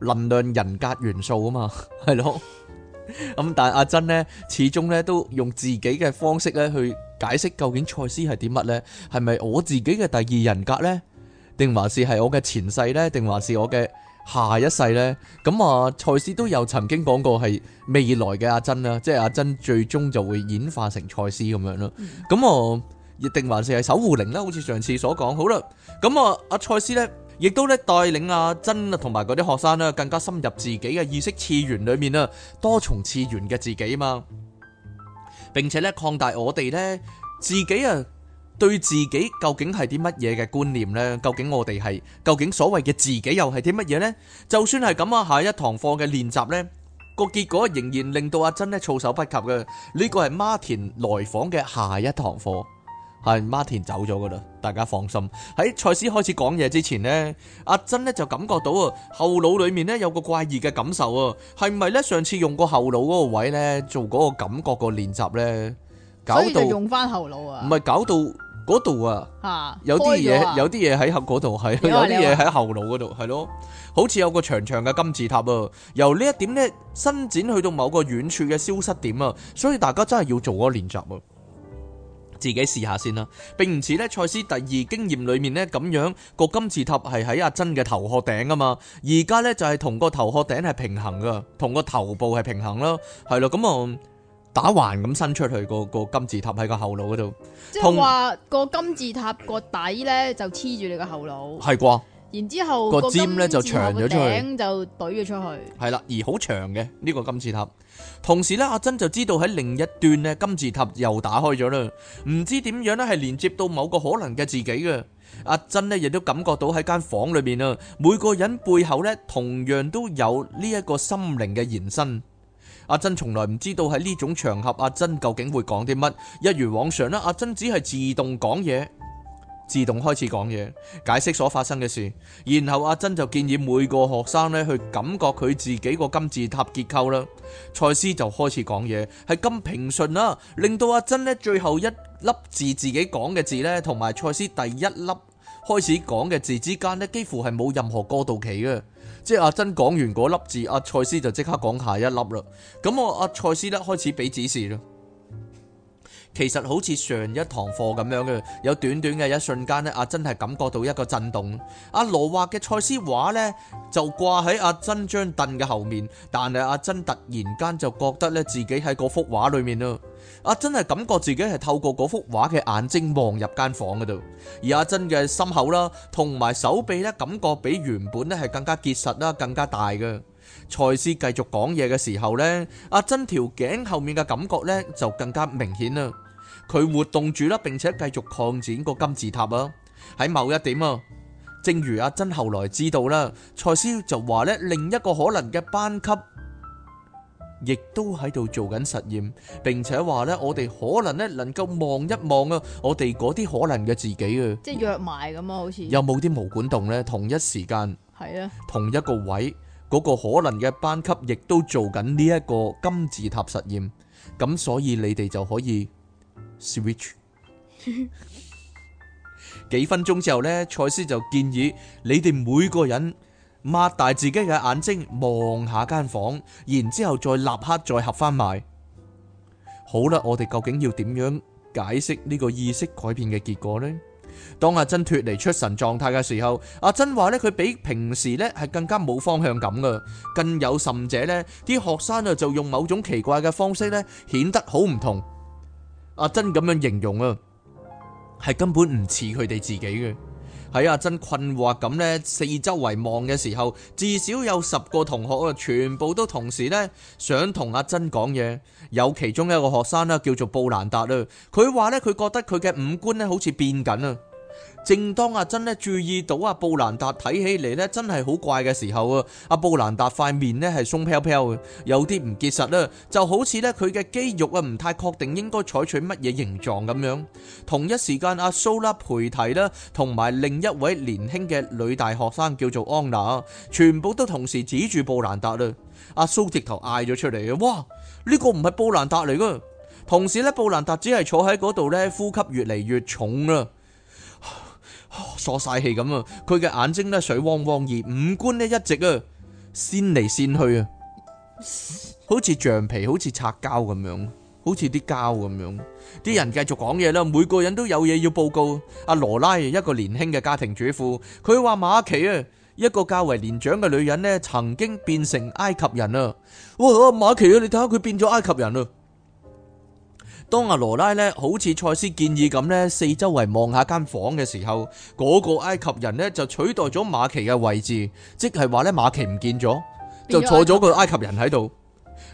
能量人格元素啊嘛，係咯。咁但係阿珍呢，始終呢都用自己嘅方式呢去解釋究竟賽斯係啲乜呢？係咪我自己嘅第二人格呢？定還是係我嘅前世呢？定還是我嘅下一世呢，咁啊，賽斯都有曾經講過係未來嘅阿珍啦，即係阿珍最終就會演化成賽斯咁樣咯。咁啊，亦 定還是係守護靈啦，好似上次所講。好啦，咁啊，阿賽斯呢，亦都呢，帶領阿珍啊，同埋嗰啲學生啦，更加深入自己嘅意識次元裏面啊，多重次元嘅自己嘛。並且呢，擴大我哋呢，自己啊。對自己究竟係啲乜嘢嘅觀念咧？究竟我哋係究竟所謂嘅自己又係啲乜嘢咧？就算係咁啊，下一堂課嘅練習咧，個結果仍然令到阿珍咧措手不及嘅。呢個係馬田來訪嘅下一堂課，係馬田走咗噶啦。大家放心。喺賽斯開始講嘢之前咧，阿珍咧就感覺到啊後腦裏面咧有個怪異嘅感受啊，係咪咧上次用過後腦嗰個位咧做嗰個感覺個練習咧，搞到用翻後腦啊？唔係搞到。嗰度啊，啊有啲嘢，了有啲嘢喺後嗰度係，說有啲嘢喺後腦嗰度係咯，好似有個長長嘅金字塔啊，由呢一點咧伸展去到某個遠處嘅消失點啊，所以大家真係要做嗰個練習啊，自己試下先啦，並唔似咧賽斯第二經驗裏面咧咁樣個金字塔係喺阿珍嘅頭殼頂啊嘛，而家咧就係、是、同個頭殼頂係平衡噶，同個頭部係平衡咯，係咯咁啊。嗯打橫咁伸出去個個金字塔喺個後腦嗰度，即係話個金字塔個底咧就黐住你個後腦，係啩？然之後個尖咧就長咗出去，就懟咗出去。係啦，而好長嘅呢個金字塔。同時咧，阿珍就知道喺另一端咧，金字塔又打開咗啦，唔知點樣咧係連接到某個可能嘅自己嘅。阿珍咧亦都感覺到喺間房裏面啊，每個人背後咧同樣都有呢一個心靈嘅延伸。阿珍從來唔知道喺呢種場合，阿珍究竟會講啲乜。一如往常啦，阿珍只係自動講嘢，自動開始講嘢，解釋所發生嘅事。然後阿珍就建議每個學生呢去感覺佢自己個金字塔結構啦。賽斯就開始講嘢，係咁平順啦，令到阿珍呢最後一粒字自己講嘅字呢，同埋賽斯第一粒。開始講嘅字之間咧，幾乎係冇任何過渡期嘅。即係阿珍講完嗰粒字，阿、啊、賽斯就即刻講下一粒啦。咁我阿、啊、賽斯咧開始俾指示啦。其實好似上一堂課咁樣嘅，有短短嘅一瞬間咧，阿珍係感覺到一個震動。阿羅畫嘅賽斯畫咧就掛喺阿珍張凳嘅後面，但係阿珍突然間就覺得咧自己喺嗰幅畫裏面啦。阿珍係感覺自己係透過嗰幅畫嘅眼睛望入間房嗰度，而阿珍嘅心口啦同埋手臂咧感覺比原本咧係更加結實啦，更加大嘅。賽斯繼續講嘢嘅時候咧，阿珍條頸後面嘅感覺咧就更加明顯啦。佢活動住啦，並且繼續擴展個金字塔啊。喺某一點啊，正如阿珍後來知道啦，賽斯就話咧，另一個可能嘅班級亦都喺度做緊實驗，並且話咧，我哋可能咧能夠望一望啊，我哋嗰啲可能嘅自己啊，即係約埋咁啊，好似有冇啲毛管戙咧？同一時間係啊，同一個位嗰個可能嘅班級亦都做緊呢一個金字塔實驗，咁所以你哋就可以。switch，幾分鐘之後咧，賽斯就建議你哋每個人擘大自己嘅眼睛望下間房，然之後再立刻再合翻埋。好啦，我哋究竟要點樣解釋呢個意識改變嘅結果咧？當阿珍脫離出神狀態嘅時候，阿珍話咧，佢比平時咧係更加冇方向感噶，更有甚者咧，啲學生啊就用某種奇怪嘅方式咧，顯得好唔同。阿珍咁樣形容啊，係根本唔似佢哋自己嘅。喺阿珍困惑咁呢四周圍望嘅時候，至少有十個同學啊，全部都同時呢想同阿珍講嘢。有其中一個學生呢叫做布蘭達啊，佢話呢，佢覺得佢嘅五官呢好似變緊啊。正當阿珍咧注意到阿布蘭達睇起嚟咧，真係好怪嘅時候啊，阿布蘭達塊面咧，係鬆飄飄嘅，有啲唔結實啦，就好似咧佢嘅肌肉啊唔太確定應該採取乜嘢形狀咁樣。同一時間，阿蘇拉培提啦，同埋另一位年輕嘅女大學生叫做安娜，全部都同時指住布蘭達啦。阿蘇直頭嗌咗出嚟啊！哇，呢個唔係布蘭達嚟噶。同時呢布蘭達只係坐喺嗰度咧，呼吸越嚟越重啦。傻晒氣咁啊！佢嘅、哦、眼睛咧水汪汪，而五官呢，一直啊先嚟先去啊，好似橡皮好似擦膠咁樣，好似啲膠咁樣。啲人繼續講嘢啦，每個人都有嘢要報告。阿羅拉，一個年輕嘅家庭主婦，佢話馬奇啊，一個較為年長嘅女人呢，曾經變成埃及人啊。哇，馬奇啊，你睇下佢變咗埃及人啊。當阿羅拉咧好似賽斯建議咁咧，四周圍望下間房嘅時候，嗰、那個埃及人咧就取代咗馬奇嘅位置，即係話咧馬奇唔見咗，就坐咗個埃及人喺度。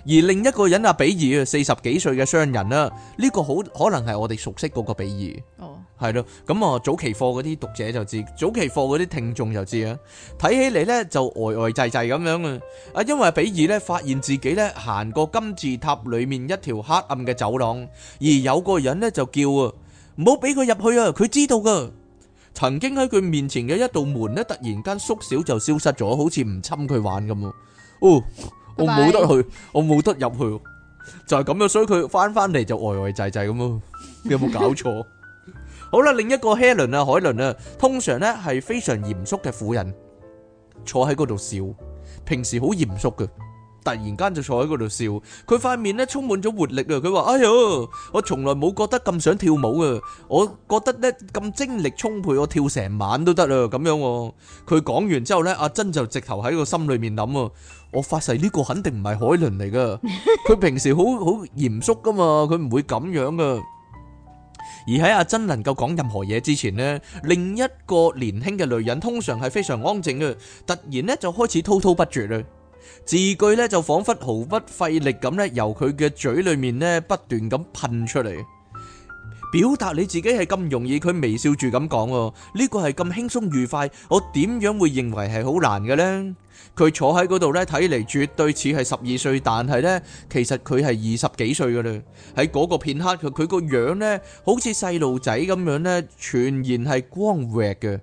而另一個人啊，比爾，四十幾歲嘅商人啦，呢個好可能係我哋熟悉嗰個比爾，係咯，咁啊，早期貨嗰啲讀者就知，早期貨嗰啲聽眾就知啊。睇起嚟咧就呆呆滯滯咁樣啊，啊，因為比爾咧發現自己咧行過金字塔裏面一條黑暗嘅走廊，而有個人咧就叫啊，唔好俾佢入去啊，佢知道㗎。曾經喺佢面前嘅一道門咧，突然間縮小就消失咗，好似唔侵佢玩咁喎。哦。我冇得去，我冇得入去，就係咁樣，所以佢翻翻嚟就呆呆滯滯咁，你有冇搞錯？ 好啦，另一個希倫啊，海倫啊，通常咧係非常嚴肅嘅婦人，坐喺嗰度笑，平時好嚴肅嘅。突然間就坐喺嗰度笑，佢塊面咧充滿咗活力啊！佢話：哎喲，我從來冇覺得咁想跳舞啊！我覺得咧咁精力充沛，我跳成晚都得啊！咁樣，佢講完之後咧，阿珍就直頭喺個心裏面諗啊！我發誓呢個肯定唔係海倫嚟噶，佢平時好好嚴肅噶嘛，佢唔會咁樣噶。而喺阿珍能夠講任何嘢之前咧，另一個年輕嘅女人通常係非常安靜嘅，突然咧就開始滔滔不絕咧。字句咧就仿佛毫不費力咁咧，由佢嘅嘴裏面呢不斷咁噴出嚟，表達你自己係咁容易。佢微笑住咁講，呢個係咁輕鬆愉快，我點樣會認為係好難嘅呢？佢坐喺嗰度呢睇嚟絕對似係十二歲，但係呢其實佢係二十幾歲㗎喇。喺嗰個片刻，佢佢個樣咧好似細路仔咁樣呢，全然係光躍嘅。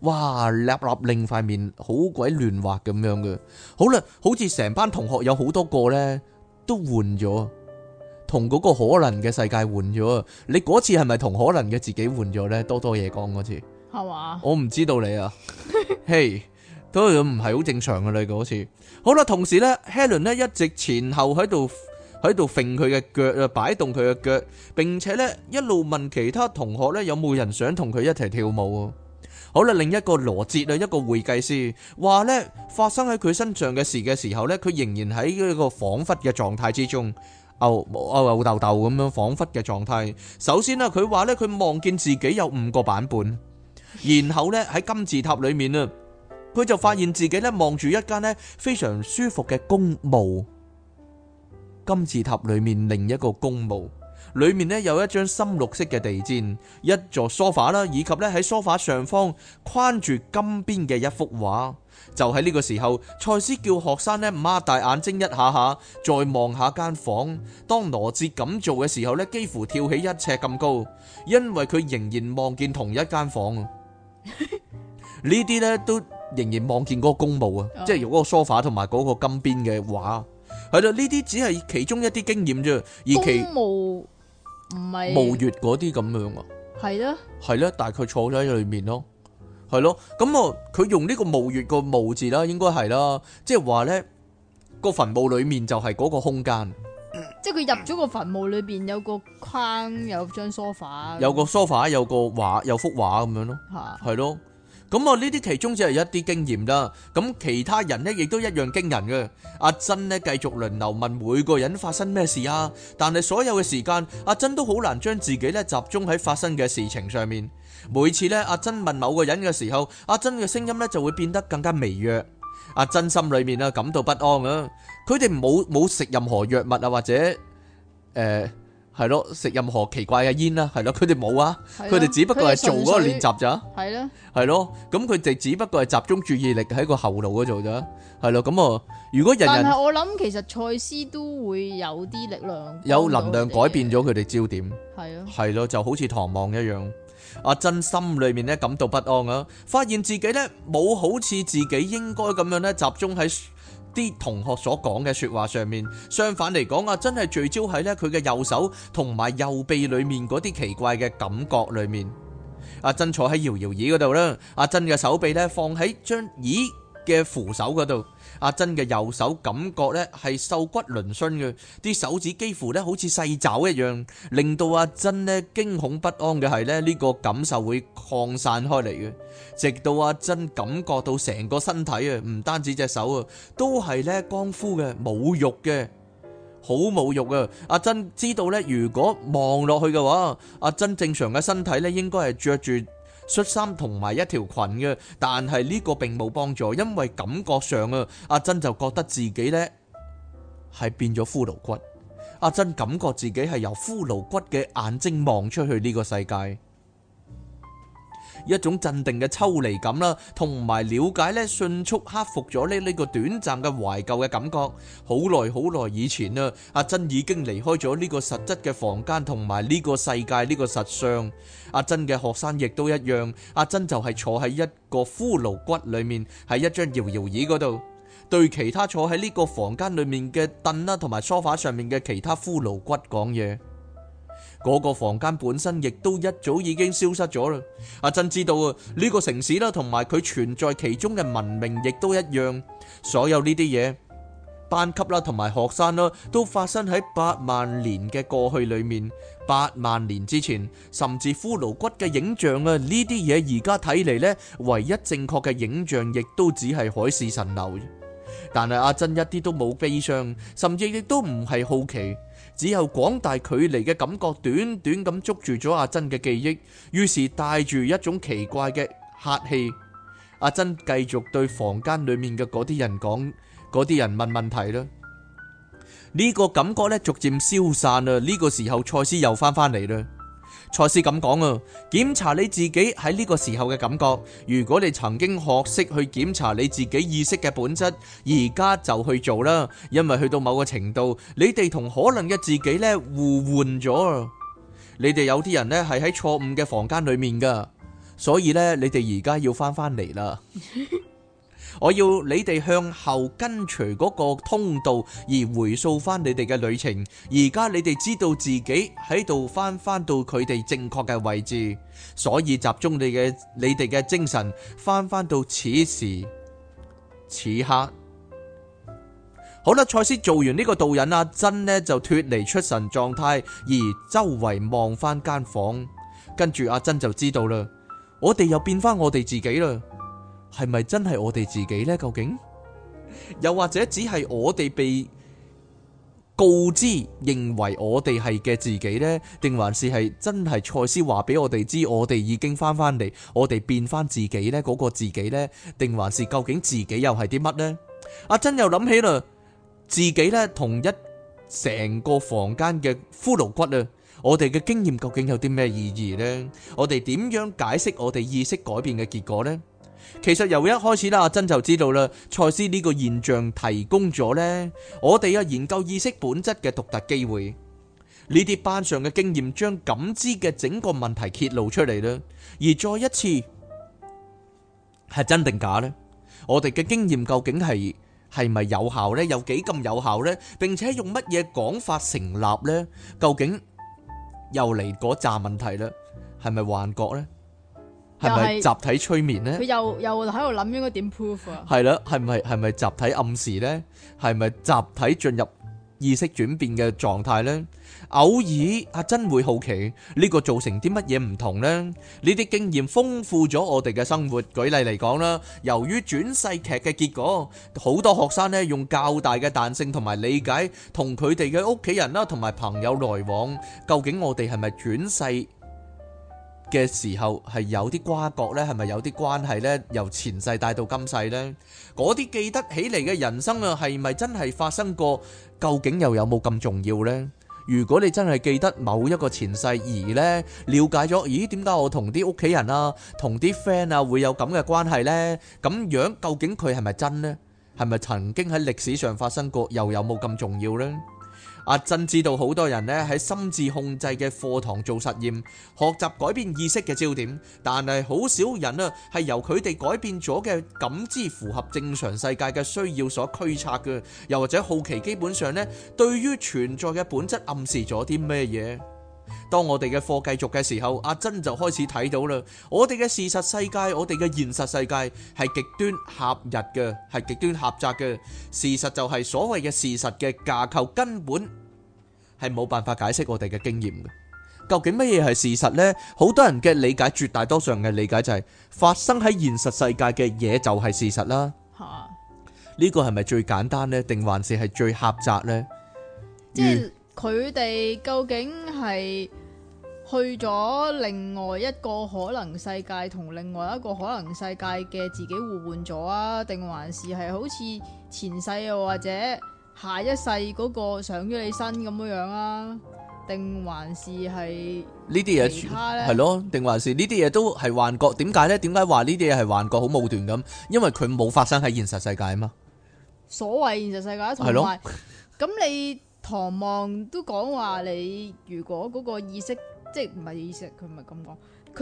哇！立立令塊面好鬼亂滑咁樣嘅，好啦，好似成班同學有好多個咧都換咗，同嗰個可能嘅世界換咗。你嗰次係咪同可能嘅自己換咗咧？多多嘢講嗰次係嘛？我唔知道你啊，嘿，都唔係好正常㗎你嗰次。好啦，同時咧，Helen 咧一直前後喺度喺度揈佢嘅腳啊，擺動佢嘅腳，並且咧一路問其他同學咧有冇人想同佢一齊跳舞。好啦，另一個羅哲啊，一個會計師，話咧發生喺佢身上嘅事嘅時候咧，佢仍然喺一個恍惚嘅狀態之中，吽吽吽豆豆咁樣恍惚嘅狀態。首先啦，佢話咧佢望見自己有五個版本，然後咧喺金字塔裏面啊，佢就發現自己咧望住一間咧非常舒服嘅公墓，金字塔裏面另一個公墓。裏面咧有一張深綠色嘅地氈，一座梳化啦，以及咧喺梳化上方框住金邊嘅一幅畫。就喺呢個時候，賽斯叫學生咧擘大眼睛一下下，再望下間房。當羅杰咁做嘅時候咧，幾乎跳起一尺咁高，因為佢仍然望見同一間房。 呢啲咧都仍然望見嗰個公墓啊， 即係用嗰個梳化同埋嗰個金邊嘅畫。係啦，呢啲只係其中一啲經驗啫，而其。 唔係墓穴嗰啲咁樣啊，係咧係咧，但係佢坐咗喺裏面咯，係咯，咁、嗯、啊，佢用呢個墓穴個墓字該啦，應該係啦，即係話咧個墳墓裏面就係嗰個空間，即係佢入咗個墳墓，墓裏邊有個框，有張梳化，有個梳化，有個畫，有幅畫咁樣咯，係咯、啊。咁我呢啲其中只係一啲經驗啦，咁其他人呢亦都一樣驚人嘅。阿珍呢繼續輪流問每個人發生咩事啊，但係所有嘅時間，阿珍都好難將自己呢集中喺發生嘅事情上面。每次呢阿珍問某個人嘅時候，阿珍嘅聲音呢就會變得更加微弱。阿珍心裏面啊感到不安啊，佢哋冇冇食任何藥物啊或者誒，.係咯，食任何奇怪嘅煙啦，係咯，佢哋冇啊，佢哋只不過係做嗰個練習咋，係咯，係咯，咁佢哋只不過係集中注意力喺個喉嚨嗰度咋，係咯，咁啊，如果人人，但係我諗其實蔡司都會有啲力量，有能量改變咗佢哋焦點，係咯，係咯，就好似唐望一樣，阿珍心裏面咧感到不安啊，發現自己咧冇好似自己應該咁樣咧集中喺。啲同學所講嘅説話上面，相反嚟講啊，真係聚焦喺咧佢嘅右手同埋右臂裏面嗰啲奇怪嘅感覺裏面。阿珍坐喺搖搖椅嗰度啦，阿珍嘅手臂咧放喺張椅嘅扶手嗰度。阿珍嘅右手感覺咧係瘦骨嶙峋嘅，啲手指幾乎咧好似細爪一樣，令到阿珍呢驚恐不安嘅係咧呢個感受會擴散開嚟嘅，直到阿珍感覺到成個身體啊，唔單止隻手啊，都係咧乾枯嘅、冇肉嘅，好冇肉啊！阿珍知道咧，如果望落去嘅話，阿珍正常嘅身體咧應該係着住恤衫同埋一條裙嘅，但係呢個並冇幫助，因為感覺上啊，阿珍就覺得自己呢係變咗骷髏骨。阿珍感覺自己係由骷髏骨嘅眼睛望出去呢個世界。一種鎮定嘅抽離感啦，同埋了解咧，迅速克服咗咧呢個短暫嘅懷舊嘅感覺。好耐好耐以前啦，阿珍已經離開咗呢個實質嘅房間同埋呢個世界呢個實相。阿珍嘅學生亦都一樣，阿珍就係坐喺一個骷髏骨裏面喺一張搖搖椅嗰度，對其他坐喺呢個房間裏面嘅凳啦同埋梳化上面嘅其他骷髏骨講嘢。嗰個房間本身亦都一早已經消失咗啦。阿珍知道啊，呢個城市啦，同埋佢存在其中嘅文明亦都一樣。所有呢啲嘢，班級啦，同埋學生啦，都發生喺八萬年嘅過去裏面，八萬年之前，甚至骷髏骨嘅影像啊，呢啲嘢而家睇嚟呢，唯一正確嘅影像亦都只係海市蜃樓。但係阿珍一啲都冇悲傷，甚至亦都唔係好奇。只有廣大距離嘅感覺，短短咁捉住咗阿珍嘅記憶，於是帶住一種奇怪嘅客氣，阿珍繼續對房間裏面嘅嗰啲人講，嗰啲人問問題啦。呢、這個感覺呢，逐漸消散啦，呢、這個時候賽斯又翻返嚟啦。賽斯咁講啊，檢查你自己喺呢個時候嘅感覺。如果你曾經學識去檢查你自己意識嘅本質，而家就去做啦。因為去到某個程度，你哋同可能嘅自己咧互換咗。你哋有啲人呢係喺錯誤嘅房間裏面噶，所以呢，你哋而家要返返嚟啦。我要你哋向後跟隨嗰個通道而回溯翻你哋嘅旅程。而家你哋知道自己喺度翻翻到佢哋正確嘅位置，所以集中你嘅你哋嘅精神翻翻到此時此刻。好啦，賽斯做完呢個導引，阿珍呢就脫離出神狀態，而周圍望翻間房間，跟住阿珍就知道啦，我哋又變翻我哋自己啦。係咪真係我哋自己呢？究竟又或者只係我哋被告知認為我哋係嘅自己呢？定還是係真係賽斯話俾我哋知，我哋已經翻翻嚟，我哋變翻自己呢？嗰個自己呢？定還是究竟自己又係啲乜呢？阿珍又諗起嘞，自己呢同一成個房間嘅骷髏骨啊！我哋嘅經驗究竟有啲咩意義呢？我哋點樣解釋我哋意識改變嘅結果呢？其實由一開始啦，阿珍就知道啦，賽斯呢個現象提供咗呢，我哋啊研究意識本質嘅獨特機會。呢啲班上嘅經驗將感知嘅整個問題揭露出嚟啦，而再一次係真定假呢？我哋嘅經驗究竟係係咪有效呢？有幾咁有效呢？並且用乜嘢講法成立呢？究竟又嚟嗰咋問題啦？係咪幻覺呢？係咪集體催眠咧？佢又又喺度諗應該點 prove 啊？係啦，係咪係咪集體暗示咧？係咪集體進入意識轉變嘅狀態咧？偶爾阿珍會好奇呢個造成啲乜嘢唔同咧？呢啲經驗豐富咗我哋嘅生活。舉例嚟講啦，由於轉世劇嘅結果，好多學生咧用較大嘅彈性同埋理解同佢哋嘅屋企人啦，同埋朋友來往。究竟我哋係咪轉世？嘅時候係有啲瓜葛呢，係咪有啲關係呢？由前世帶到今世呢，嗰啲記得起嚟嘅人生啊，係咪真係發生過？究竟又有冇咁重要呢？如果你真係記得某一個前世而呢瞭解咗，咦？點解我同啲屋企人啊，同啲 friend 啊會有咁嘅關係呢？咁樣究竟佢係咪真呢？係咪曾經喺歷史上發生過？又有冇咁重要呢？阿珍、啊、知道好多人咧喺心智控制嘅課堂做實驗，學習改變意識嘅焦點。但係好少人啊係由佢哋改變咗嘅感知符合正常世界嘅需要所驅策嘅，又或者好奇基本上咧對於存在嘅本質暗示咗啲咩嘢？當我哋嘅課繼續嘅時候，阿珍就開始睇到啦。我哋嘅事實世界，我哋嘅現實世界係極端狹日嘅，係極端狹窄嘅。事實就係所謂嘅事實嘅架構根本係冇辦法解釋我哋嘅經驗嘅。究竟乜嘢係事實呢？好多人嘅理解，絕大多數人嘅理解就係、是、發生喺現實世界嘅嘢就係事實啦。吓哈，呢個係咪最簡單呢？定還是係最狹窄呢？即佢哋究竟係去咗另外一個可能世界，同另外一個可能世界嘅自己互換咗啊？定還是係好似前世又或者下一世嗰個上咗你身咁樣樣啊？定還是係呢啲嘢其他咧？係咯？定還是呢啲嘢都係幻覺？點解呢？點解話呢啲嘢係幻覺？好武斷咁，因為佢冇發生喺現實世界啊嘛。所謂現實世界係咯，咁你。狂都講話，你如果嗰個意識，即係唔係意識，佢唔係咁講，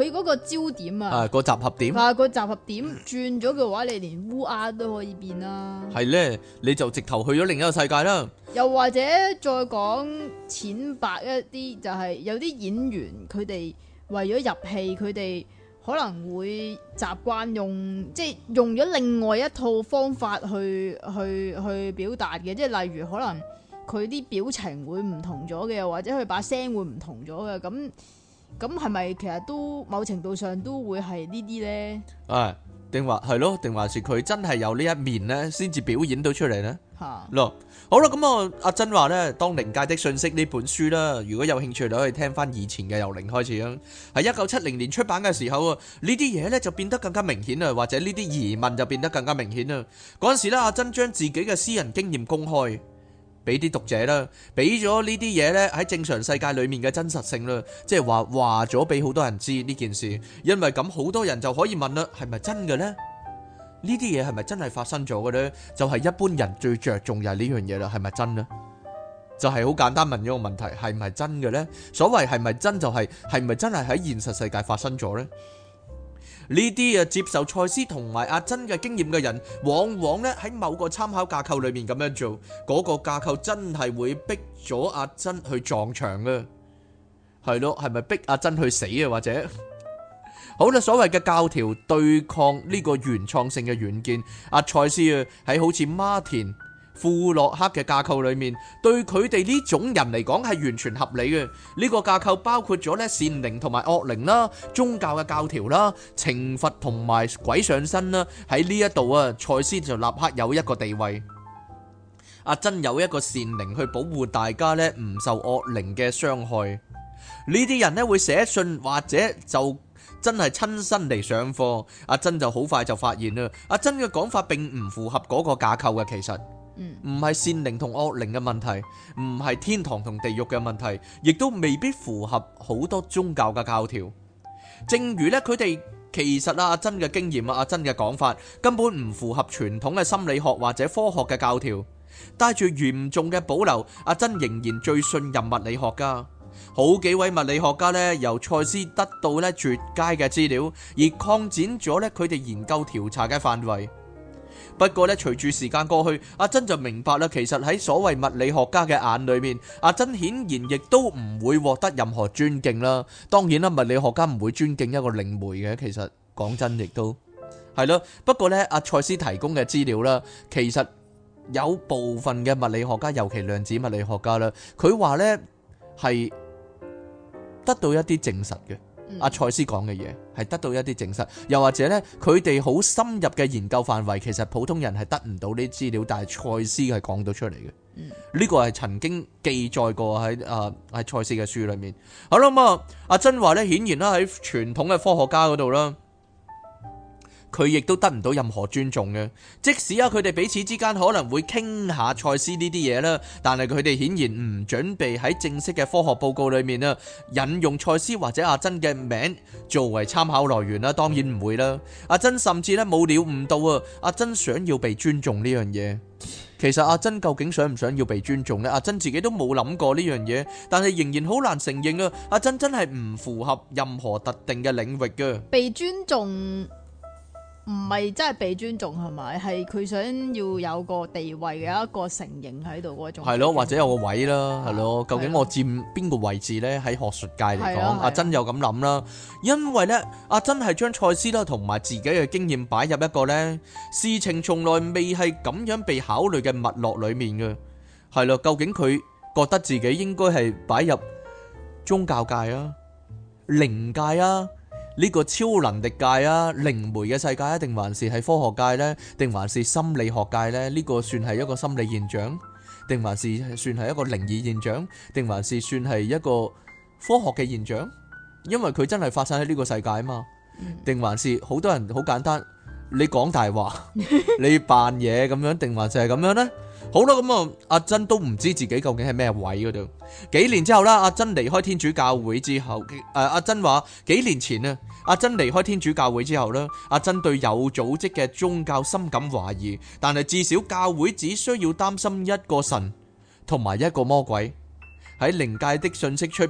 佢嗰個焦點啊，係、嗰個集合點，係、啊嗰個集合點轉咗嘅話，嗯、你連烏鴉都可以變啦。係呢，你就直頭去咗另一個世界啦。又或者再講淺白一啲，就係、是、有啲演員佢哋為咗入戲，佢哋可能會習慣用即係用咗另外一套方法去去去表達嘅，即係例如可能。佢啲表情會唔同咗嘅，或者佢把聲會唔同咗嘅，咁咁係咪其實都某程度上都會係呢啲咧？誒，定話係咯，定話係佢真係有呢一面咧，先至表演到出嚟咧？吓，咯，好啦，咁我阿珍話咧，當靈界的訊息呢本書啦，如果有興趣都可以聽翻以前嘅由零開始啦。喺一九七零年出版嘅時候，呢啲嘢咧就變得更加明顯啦，或者呢啲疑問就變得更加明顯啦。嗰陣時咧，阿珍將自己嘅私人經驗公開。俾啲讀者啦，俾咗呢啲嘢呢，喺正常世界裏面嘅真實性啦，即係話話咗俾好多人知呢件事，因為咁好多人就可以問啦，係咪真嘅呢？呢啲嘢係咪真係發生咗嘅呢？就係一般人最着重就係呢樣嘢啦，係咪真呢？就係好簡單問呢個問題，係唔係真嘅呢？所謂係咪真就係係咪真係喺現實世界發生咗呢？呢啲啊接受賽斯同埋阿珍嘅經驗嘅人，往往咧喺某個參考架構裏面咁樣做，嗰、那個架構真係會逼咗阿珍去撞牆啊。係咯，係咪逼阿珍去死啊？或者， 好啦，所謂嘅教條對抗呢個原創性嘅軟件，阿賽斯啊喺好似 Martin 富洛克嘅架構裏面，對佢哋呢種人嚟講係完全合理嘅。呢、呢個架構包括咗咧善靈同埋惡靈啦，宗教嘅教條啦，懲罰同埋鬼上身啦。喺呢一度啊，賽斯就立刻有一個地位。阿珍有一個善靈去保護大家呢，唔受惡靈嘅傷害。呢啲人呢會寫信或者就真係親身嚟上課。阿珍就好快就發現啦，阿珍嘅講法並唔符合嗰個架構嘅，其實。唔係善靈同惡靈嘅問題，唔係天堂同地獄嘅問題，亦都未必符合好多宗教嘅教條。正如咧，佢哋其實阿珍嘅經驗、阿珍嘅講法，根本唔符合傳統嘅心理學或者科學嘅教條。帶住嚴重嘅保留，阿珍仍然最信任物理學家。好幾位物理學家咧，由賽斯得到咧絕佳嘅資料，而擴展咗咧佢哋研究調查嘅範圍。不過咧，隨住時間過去，阿珍就明白啦。其實喺所謂物理學家嘅眼裏面，阿珍顯然亦都唔會獲得任何尊敬啦。當然啦，物理學家唔會尊敬一個靈媒嘅。其實講真，亦都係咯。不過呢，阿賽斯提供嘅資料啦，其實有部分嘅物理學家，尤其量子物理學家啦，佢話呢係得到一啲證實嘅阿賽斯講嘅嘢係得到一啲證實，又或者呢，佢哋好深入嘅研究範圍，其實普通人係得唔到呢啲資料，但係賽斯係講到出嚟嘅。呢、呢個係曾經記載過喺啊喺賽斯嘅書裏面。好啦咁啊，阿真話呢，顯然啦喺傳統嘅科學家嗰度啦，佢亦都得唔到任何尊重嘅，即使啊，佢哋彼此之間可能會傾下賽斯呢啲嘢啦，但係佢哋顯然唔準備喺正式嘅科學報告裏面啊引用賽斯或者阿珍嘅名作為參考來源啦，當然唔會啦。阿珍甚至咧冇了悟到啊，阿珍想要被尊重呢樣嘢。其實阿珍究竟想唔想要被尊重咧？阿珍自己都冇諗過呢樣嘢，但係仍然好難承認啊。阿珍真係唔符合任何特定嘅領域嘅被尊重。唔係真係被尊重係咪？係佢想要有個地位嘅一個承認喺度嗰種。係咯，或者有個位啦，係咯。究竟我佔邊個位置呢？喺學術界嚟講，阿真阿珍有咁諗啦。因為呢，阿珍係將賽斯啦同埋自己嘅經驗擺入一個呢事情，從來未係咁樣被考慮嘅脈絡裡面嘅。係咯，究竟佢覺得自己應該係擺入宗教界啊、靈界啊？呢個超能力界啊，靈媒嘅世界啊，定還是係科學界呢？定還是心理學界呢？呢、這個算係一個心理現象，定還是算係一個靈異現象，定還是算係一個科學嘅現象？因為佢真係發生喺呢個世界嘛。定還是好多人好簡單，你講大話， 你扮嘢咁樣，定還是係咁樣呢？好啦，咁啊，阿珍都唔知自己究竟係咩位嗰度。幾年之後啦，阿珍離開天主教會之後，誒，阿珍話幾年前啊，阿珍離開天主教會之後啦，阿珍對有組織嘅宗教深感懷疑，但係至少教會只需要擔心一個神同埋一個魔鬼喺靈界的信息出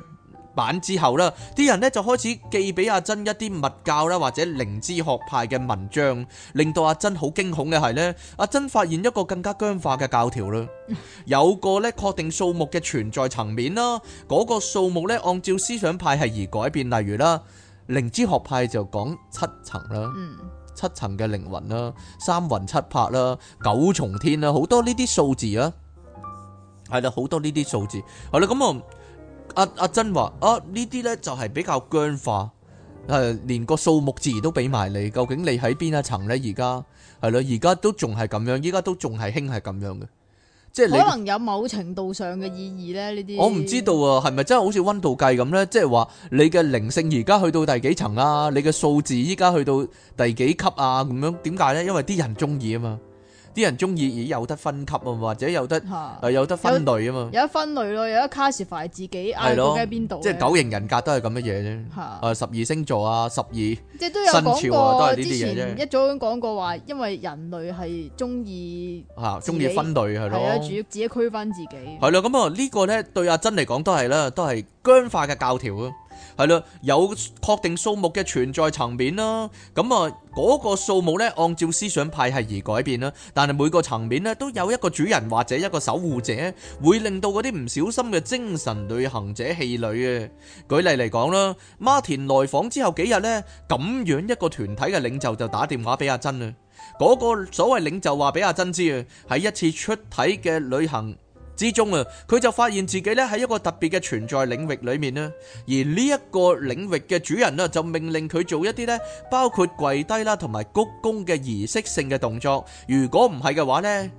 版之後呢啲人呢就開始寄俾阿珍一啲密教啦，或者靈知學派嘅文章，令到阿珍好驚恐嘅係呢。阿珍發現一個更加僵化嘅教條啦。有個呢確定數目嘅存在層面啦，嗰、那個數目呢，按照思想派系而改變，例如啦，靈知學派就講七層啦，七層嘅靈魂啦，三魂七魄啦，九重天啦，好多呢啲數字啊，係啦，好多呢啲數字，係啦，咁啊。阿阿珍話啊，呢啲呢就係比較僵化，誒、啊，連個數目字都俾埋你，究竟你喺邊一層呢？而家係咯，而家都仲係咁樣，依家都仲係興係咁樣嘅，即係可能有某程度上嘅意義呢？呢啲我唔知道啊，係咪真係好似溫度計咁呢？即係話你嘅靈性而家去到第幾層啊？你嘅數字依家去到第幾級啊？咁樣點解呢？因為啲人中意啊嘛。啲人中意以有得分級啊，或者有得誒有得分類啊嘛，有得分類咯，有得 classify 自己嗌到喺邊度，即係九型人格都係咁嘅嘢啫，誒十二星座啊，十二，即係都有講過，都係呢啲嘢啫，一早講過話，因為人類係中意嚇中意分類係咯，主要自己區分自己，係咯，咁啊呢個咧對阿珍嚟講都係啦，都係僵化嘅教條咯。係咯，有確定數目嘅存在層面啦，咁啊嗰個數目呢，按照思想派系而改變啦。但係每個層面呢，都有一個主人或者一個守護者，會令到嗰啲唔小心嘅精神旅行者氣餒啊。舉例嚟講啦，馬田來訪之後幾日呢，咁樣一個團體嘅領袖就打電話俾阿珍啊。嗰個所謂領袖話俾阿珍知啊，喺一次出體嘅旅行之中啊，佢就發現自己咧喺一個特別嘅存在領域裏面啦，而呢一個領域嘅主人啦，就命令佢做一啲呢，包括跪低啦，同埋鞠躬嘅儀式性嘅動作。如果唔係嘅話呢，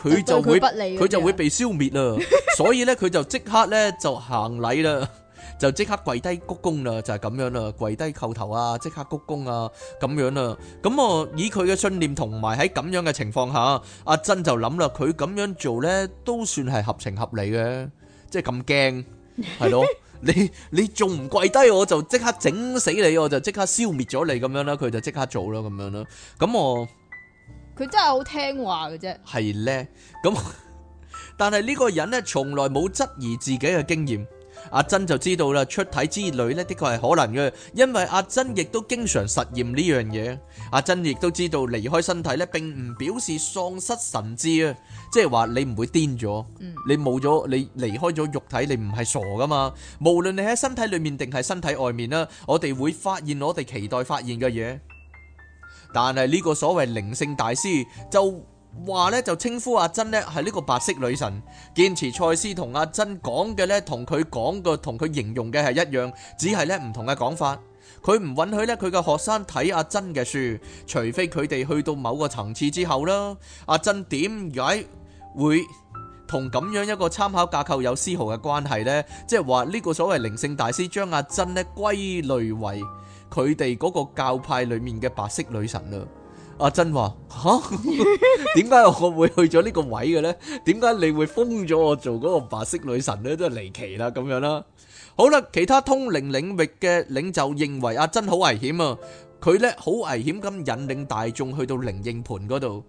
佢就會佢就，就會被消滅啦。所以呢，佢就即刻呢就行禮啦。 就即刻跪低鞠躬啦，就係咁樣啦，跪低叩頭啊，即刻鞠躬啊，咁樣啦。咁我以佢嘅信念同埋喺咁樣嘅情況下，阿珍就諗啦，佢咁樣做呢都算係合情合理嘅，即係咁驚係咯。你你仲唔跪低，我就即刻整死你，我就即刻消滅咗你咁樣啦。佢就即刻做啦，咁樣啦。咁我佢真係好聽話嘅啫，係呢。咁但係呢個人呢，從來冇質疑自己嘅經驗。阿珍就知道啦，出體之旅呢的確係可能嘅，因為阿珍亦都經常實驗呢樣嘢。阿珍亦都知道離開身體呢並唔表示喪失神智啊，即係話你唔會癲咗，嗯，你冇咗你離開咗肉體，你唔係傻噶嘛。無論你喺身體裏面定係身體外面啦，我哋會發現我哋期待發現嘅嘢。但係呢個所謂靈性大師就。話咧，就稱呼阿珍，呢係呢個白色女神，堅持賽斯同阿珍講嘅，呢，同佢講嘅、同佢形容嘅係一樣，只係呢唔同嘅講法。佢唔允許呢佢嘅學生睇阿珍嘅書，除非佢哋去到某個層次之後啦。阿珍點解會同咁樣一個參考架構有絲毫嘅關係呢？即係話呢個所謂靈性大師將阿珍呢歸類為佢哋嗰個教派裏面嘅白色女神啊！阿珍話吓，點解我會去咗呢個位嘅咧？點解你會封咗我做嗰個白色女神咧？都係離奇啦，咁樣啦。好啦，其他通靈領域嘅領袖認為阿珍好危險啊！佢咧好危險咁引領大眾去到靈應盤嗰度，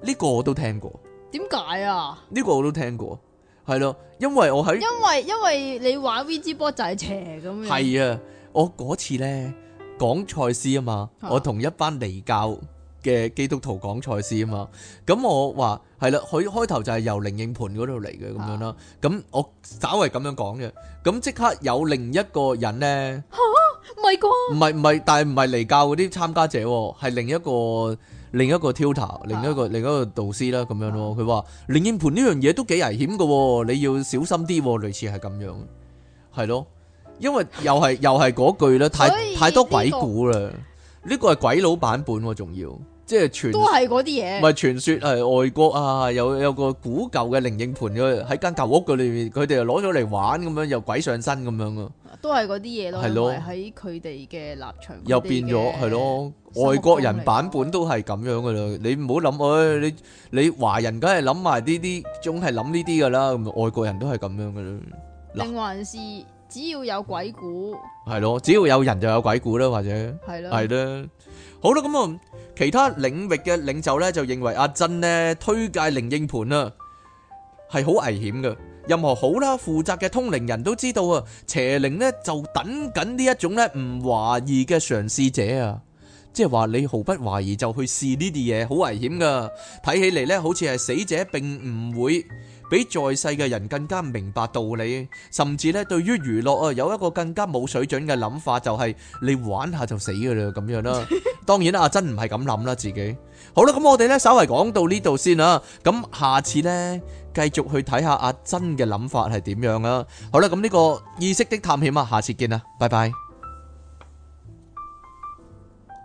呢個我都聽過。點解啊？呢個我都聽過，係咯，因為我喺因為因為你話 VG board 就係邪咁樣。係啊，我嗰次咧講賽斯啊嘛，我同一班離教。嘅基督徒講賽斯啊嘛，咁、嗯、我話係啦，佢開頭就係由靈應盤嗰度嚟嘅咁樣啦，咁、啊、我稍微咁樣講嘅，咁即刻有另一個人呢？嚇、啊，唔係啩？唔係唔係，但係唔係嚟教嗰啲參加者喎，係另一個另一個挑塔，另一個另一個、啊、另一個導師啦咁樣咯。佢話靈應盤呢樣嘢都幾危險嘅，你要小心啲，類似係咁樣，係咯，因為又係、啊、又係嗰句啦，太太多鬼故啦。呢個係鬼佬版本，仲要即係全都係嗰啲嘢，唔係傳說係外國啊，有有個古舊嘅靈應盤嘅喺間舊屋嘅裏面，佢哋又攞咗嚟玩咁樣，又鬼上身咁樣啊，都係嗰啲嘢咯，係咯，喺佢哋嘅立場又變咗，係咯，外國人版本都係咁樣噶啦，你唔好諗，你你華人梗係諗埋呢啲，總係諗呢啲噶啦，咁外國人都係咁樣噶啦，定還是？只要有鬼故，係咯，只要有人就有鬼故啦，或者係啦，係啦，好啦，咁啊，其他領域嘅領袖呢就認為阿珍呢推介靈應盤啊，係好危險噶。任何好啦，負責嘅通靈人都知道啊，邪靈呢就等緊呢一種呢唔懷疑嘅嘗試者啊，即係話你毫不懷疑就去試呢啲嘢，好危險噶。睇起嚟呢，好似係死者並唔會。俾在世嘅人更加明白道理，甚至咧，對於娛樂啊，有一個更加冇水準嘅諗法，就係、是、你玩下就死噶啦咁樣啦。當然啦，阿珍唔係咁諗啦，自己。好啦，咁我哋咧，稍微講到呢度先啦。咁下次呢，繼續去睇下阿珍嘅諗法係點樣啦。好啦，咁呢、這個意識的探險啊，下次見啦，拜拜。